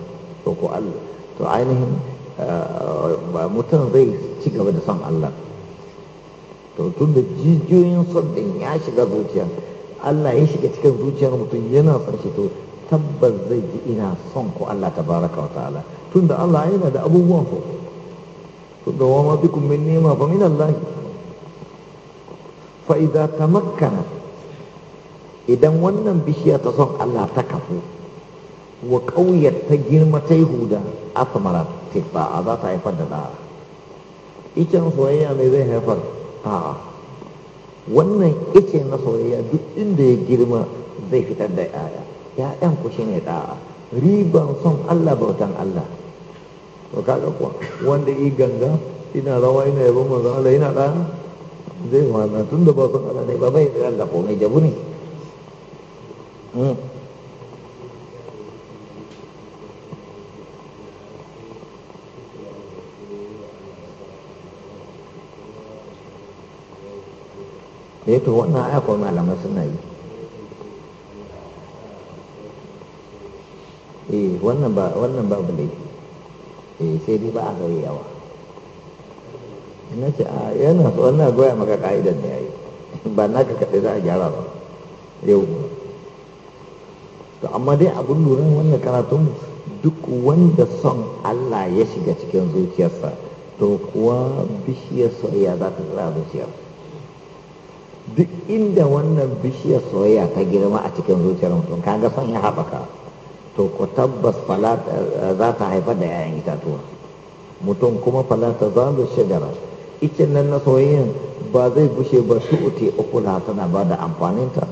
to ko Allah to ainihin eh, mutum zai ci gaba da son Allah to tun da jijiyoyin sabbin ya shiga zuciya Allah ya shiga cikin zuciyar mutum yana son shi to tabbas zai ji ina son ku Allah ta baraka wa ta'ala tun da Allah yana da abubuwan ku tun da wa ma bikum min ni'ma fa min Allah fa idza tamakkana idan wannan bishiya ta son Allah ta kafu wa ƙauyar ta girma ta huda asmara a za ta haifar da da'a icen soyayya mai zai haifar a wannan yake na soyayya duk inda ya girma zai fitar da yaya ya'yan ku shine da'a riban son Allah bautan Allah to kaga kuwa wanda yi ganga ina rawa ina yabon manzon Allah ina da zai ma tun da ba son Allah ne ba bai da Allah mai jabu ne hmm. eh to wannan ai akwai malamai suna yi eh wannan ba wannan babu eh sai dai ba a gari yawa ina ce a yana tsohon wannan goya maka ka'idar da yayi ba ka kaɗai za a gyara ba yau to amma dai abin lura wannan karatun duk wanda son Allah ya shiga cikin zuciyarsa to kuwa bishiyar soyayya za ta tsira zuciyarsa duk inda wannan bishiyar soyayya ta girma a cikin zuciyar mutum kaga son ya haɓaka to ku tabbas eh, za ta haifar da 'ya'yan itatuwa mutum kuma falata za mu shigara ikin nan na soyayyan ba zai bushe ba su uti ukula tana ba da amfaninta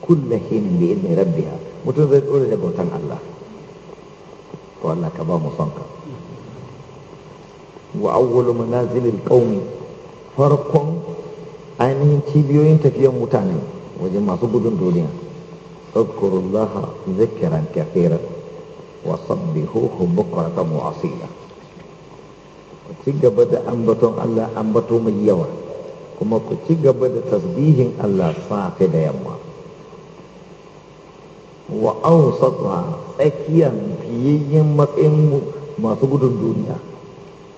kulla hinin bi inni rabbiha mutum zai tsore da bautan Allah to Allah ka ba mu son ka wa awwalu manazilil qaumi farkon ainihin cibiyoyin tafiyan mutane wajen masu gudun duniya uzkurullaha zikiran kafira wa sabbihuhu bukratan wa asila ku ci gaba da ambaton Allah ambato mai yawa kuma ku ci gaba da tasbihin Allah safe da yamma wa awsatha tsakiyan fiyayyen matsayin masu gudun duniya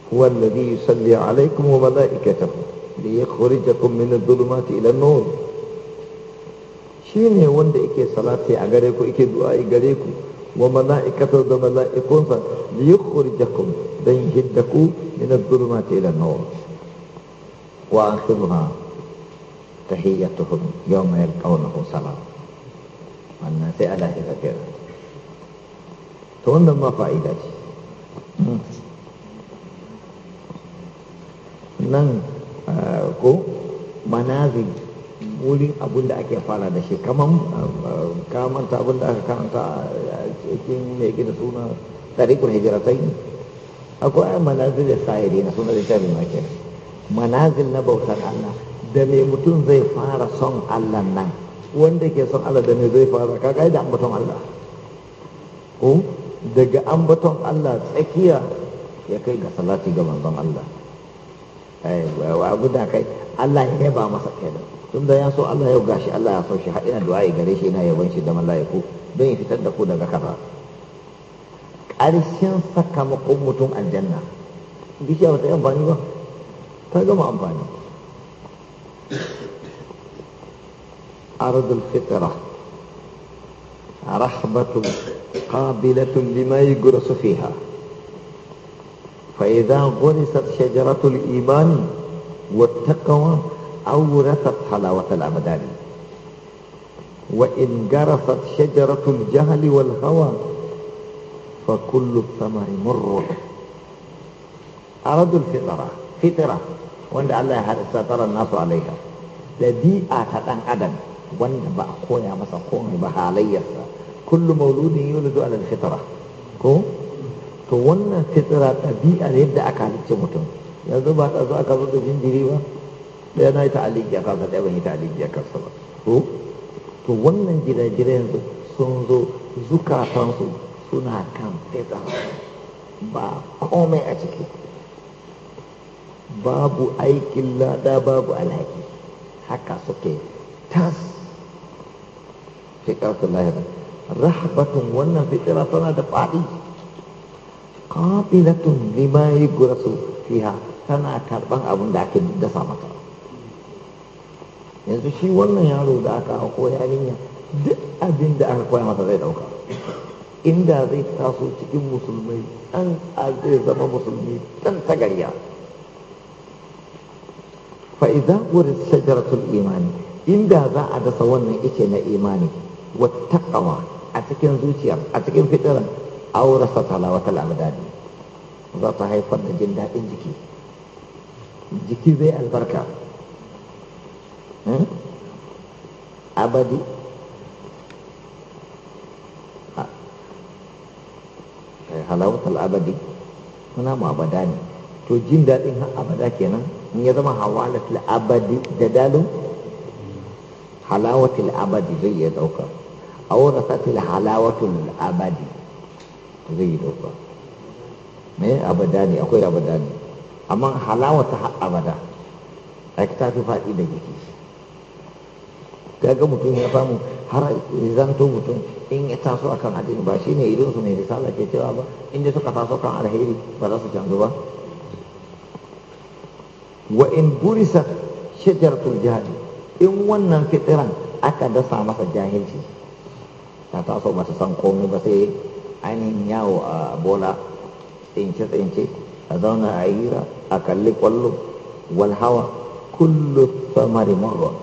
huwa alladhi yusalli alaikum wa malaikatahu ليخرجكم من الظلمات إلى النور شيني وند ايكي صلاتي أغريكو ايكي دعائي غريكو وملائكة دملائكو ليخرجكم دين جدكو من الظلمات إلى النور وآخرها تحياتهم يوم يلقونه صلاة وانا على هذا كذا تونا ما فائدة نعم ko manazin wurin abin da ake fara da shi kamar eh, kamanta abin da aka karanta a cikin mai gina suna tarikul hijiratai akwai manazin da sahiri na suna da littafin ke manazin na bautar Allah da mai mutum zai fara son Allah nan wanda ke son Allah da mai zai fara kaga da ambaton Allah ko daga ambaton Allah tsakiya ya kai ga salati ga manzon Allah wa guda kai Allah ya ba masa kenan tun da ya so Allah ya gashi Allah ya so shi har ina du'a gare shi ina yaban shi da malaiku don ya fitar da ku daga kafa ƙarshen sakamakon mutum aljanna bishiya ba ta yi amfani ba ta gama amfani ardul fitra rahbatun qabilatun lima yugrasu fiha فإذا غرست شجرة الإيمان والتقوى أورثت حلاوة الأبدان وإن جرست شجرة الجهل والهوى فكل الثمر مر أرادوا الفطرة فطرة وأن الله سترى الناس عليها لديئة أن أدم وأن بأخويا مسخوني بها عليها كل مولود يولد على الفطرة كو to wannan fitira ne yadda aka halicce mutum yanzu ba ta zo aka zo da jinjiri ba ɗaya na yi ta a kansa ɗaya ban yi ta a kansa ba to wannan gida yanzu sun zo zukatansu suna kan fitira ba komai a ciki babu aikin lada babu alhaki haka suke tas fiƙarsu lahirin rahabatun wannan fitira tana da faɗi qabilatun lima rasul fiha tana karban abun da ake dasa mata yanzu shi wannan yaro da aka ko yarinya duk abin da aka koya masa zai dauka inda zai taso cikin musulmai an zai zama musulmi dan tagariya fa idza wurid shajaratul imani inda za a dasa wannan ice na imani wa taqwa a cikin zuciya a cikin fitaran aurasa talawatal amdadi za ta haifar da jin daɗin jiki jiki zai albarka abadi halawatal abadi suna mu abada ne to jin daɗin abada kenan in ya zama hawalatul abadi da dalin halawatul abadi zai iya ɗauka aurasatul halawatul abadi zai yi dauka me abada ne akwai abada ne amma halawa ta abada ai ta fi faɗi da jiki kaga mutum ya famu har zanto mutum in ya taso akan addini ba shine idan su mai risala ke cewa ba inda suka taso kan alheri ba za su canzu ba wa in burisa shajaratul jahil in wannan fitiran aka dasa masa jahilci ta taso ba ta san komai ba sai ainihin yawo a ah, bola tsince-tsince a zauna a hira a kalli kwallo walhawa kullum samari marwa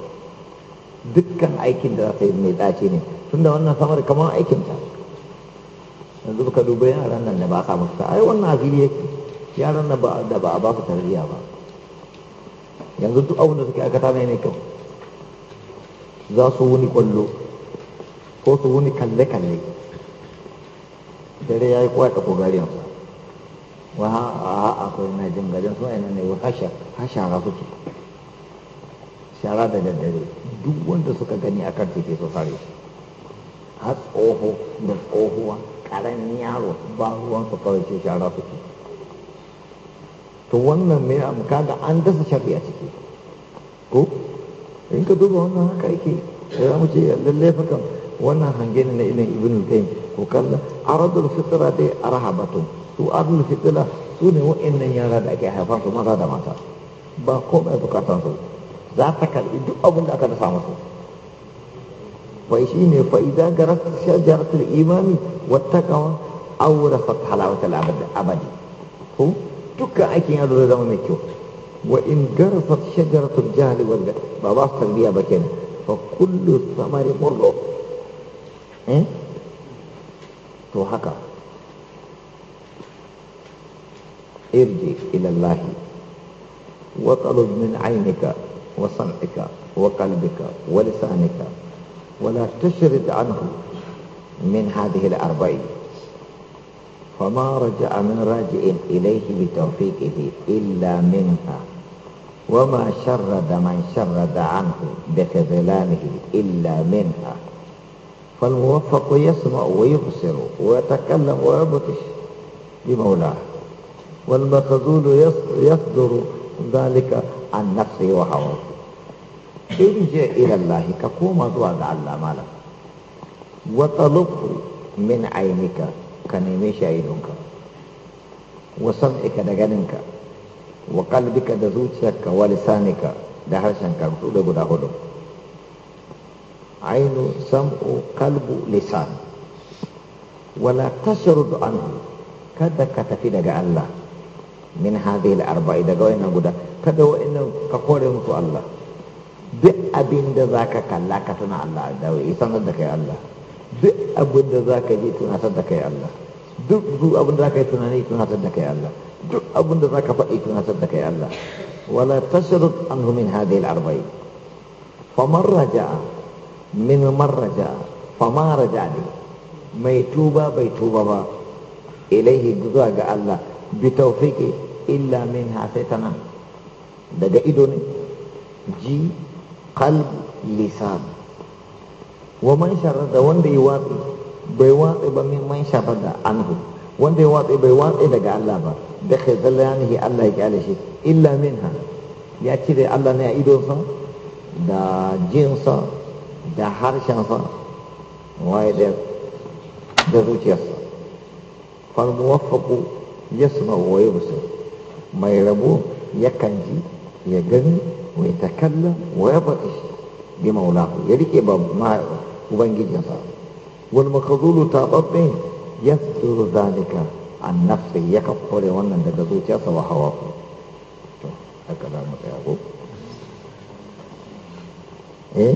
dukkan aikin da za ta yi mai ɗaci ne tun da wannan samar kamar aikinta yanzu ka duba yaran nan da ba ka musu ai wannan azili yake yaran da ba a ba ku tarbiyya ba yanzu duk abin da suke aikata ne ne kyau za su wuni kwallo ko su wuni kalle-kalle dare ya yi kwaɗa kogarinsa wa a akwai na jin garin su ainihin ne ha shara suke shara da daddare duk wanda suka gani a kan titi su sare har tsoho da tsohuwa karen yaro ba ruwan su kawai ce shara suke to wannan mai amka da an dasa shafi a ciki ko in ka duba wannan haka yake sai za mu ce lallai fakan wannan hange ne na ilin ibn tayyib ko kalla aradul fitra dai arhabatu to aradul fitra su ne wa'annan yara da ake haifa su maza da mata ba bai bukatar su za ta karbi duk abin da aka da samu su wai shi ne fa'iza garar shajaratul imani wata kawa aure fatalawatul abadi ko dukkan aikin yaro zai zama mai kyau وإن جرفت ba ba والجهل ba kenan fa kullu samari murdo eh to haka irji ila Allah wa talub min aynika wa sam'ika wa qalbika wa lisanika wa la tushrid anhu min hadhihi al-arba'i فما رجع من راجع إليه بتوفيقه إلا منها وما شرد من شرد عنه بخذلانه إلا منها فالموفق يسمع ويبصر ويتكلم ويبطش بمولاه والمخذول يصدر ذلك عن نفسه وحواسه ارجع إلى الله كقوم ازواج على مالك وطلب من عينك كنميش عينك وسمعك دغنك وقلبك دزوجك ولسانك دهرشنك دغدا هدو Aynu sam'u kalbu lisan wala tasrud anhu kada kata fi daga Allah min hadhihi al arba'i daga ga wannan guda kada wa inna ka kore mutu Allah Bi abin da zaka kalla ka tuna Allah da isa san da kai Allah Bi abin da zaka ji tuna san da kai Allah duk abin da zaka yi tunani tuna san da kai Allah duk abin da zaka faɗi tuna san da kai Allah wala tasrud anhu min hadhihi al arba'i. فمن رجع min marraja fama raja ne mai tuba bai tuba ba ilaihi zuwa ga Allah bi tawfiqi illa min hasaitana daga ido ne ji qalb lisan wa man da wanda ya watsi bai watsi ba min man sharada anhu wanda ya watsi bai watsi daga Allah ba da kai zallani Allah ya kiyale shi illa minha ya cire Allah ne a sa da jinsa da harshensa wai da da zuciyarsa wafaku ya suna waye musu mai rabo yakan ji ya gani wai ta kallon waya faɗi shi bi maulahu ya rike ba ma ubangijinsa wal makazulu taɓaɓɓe ya tsoro zalika an nafsi ya kakkore wannan daga zuciyarsa wa hawa ku to haka za mu tsaya ko eh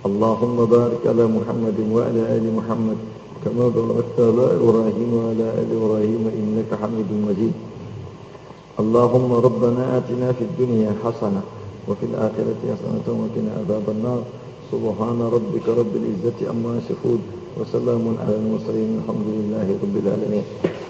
اللهم بارك على محمد وعلى آل محمد كما باركت على إبراهيم وعلى آل إبراهيم إنك حميد مجيد اللهم ربنا آتنا في الدنيا حسنة وفي الآخرة حسنة وقنا عذاب النار سبحان ربك رب العزة أما يصفون وسلام على المرسلين الحمد لله رب العالمين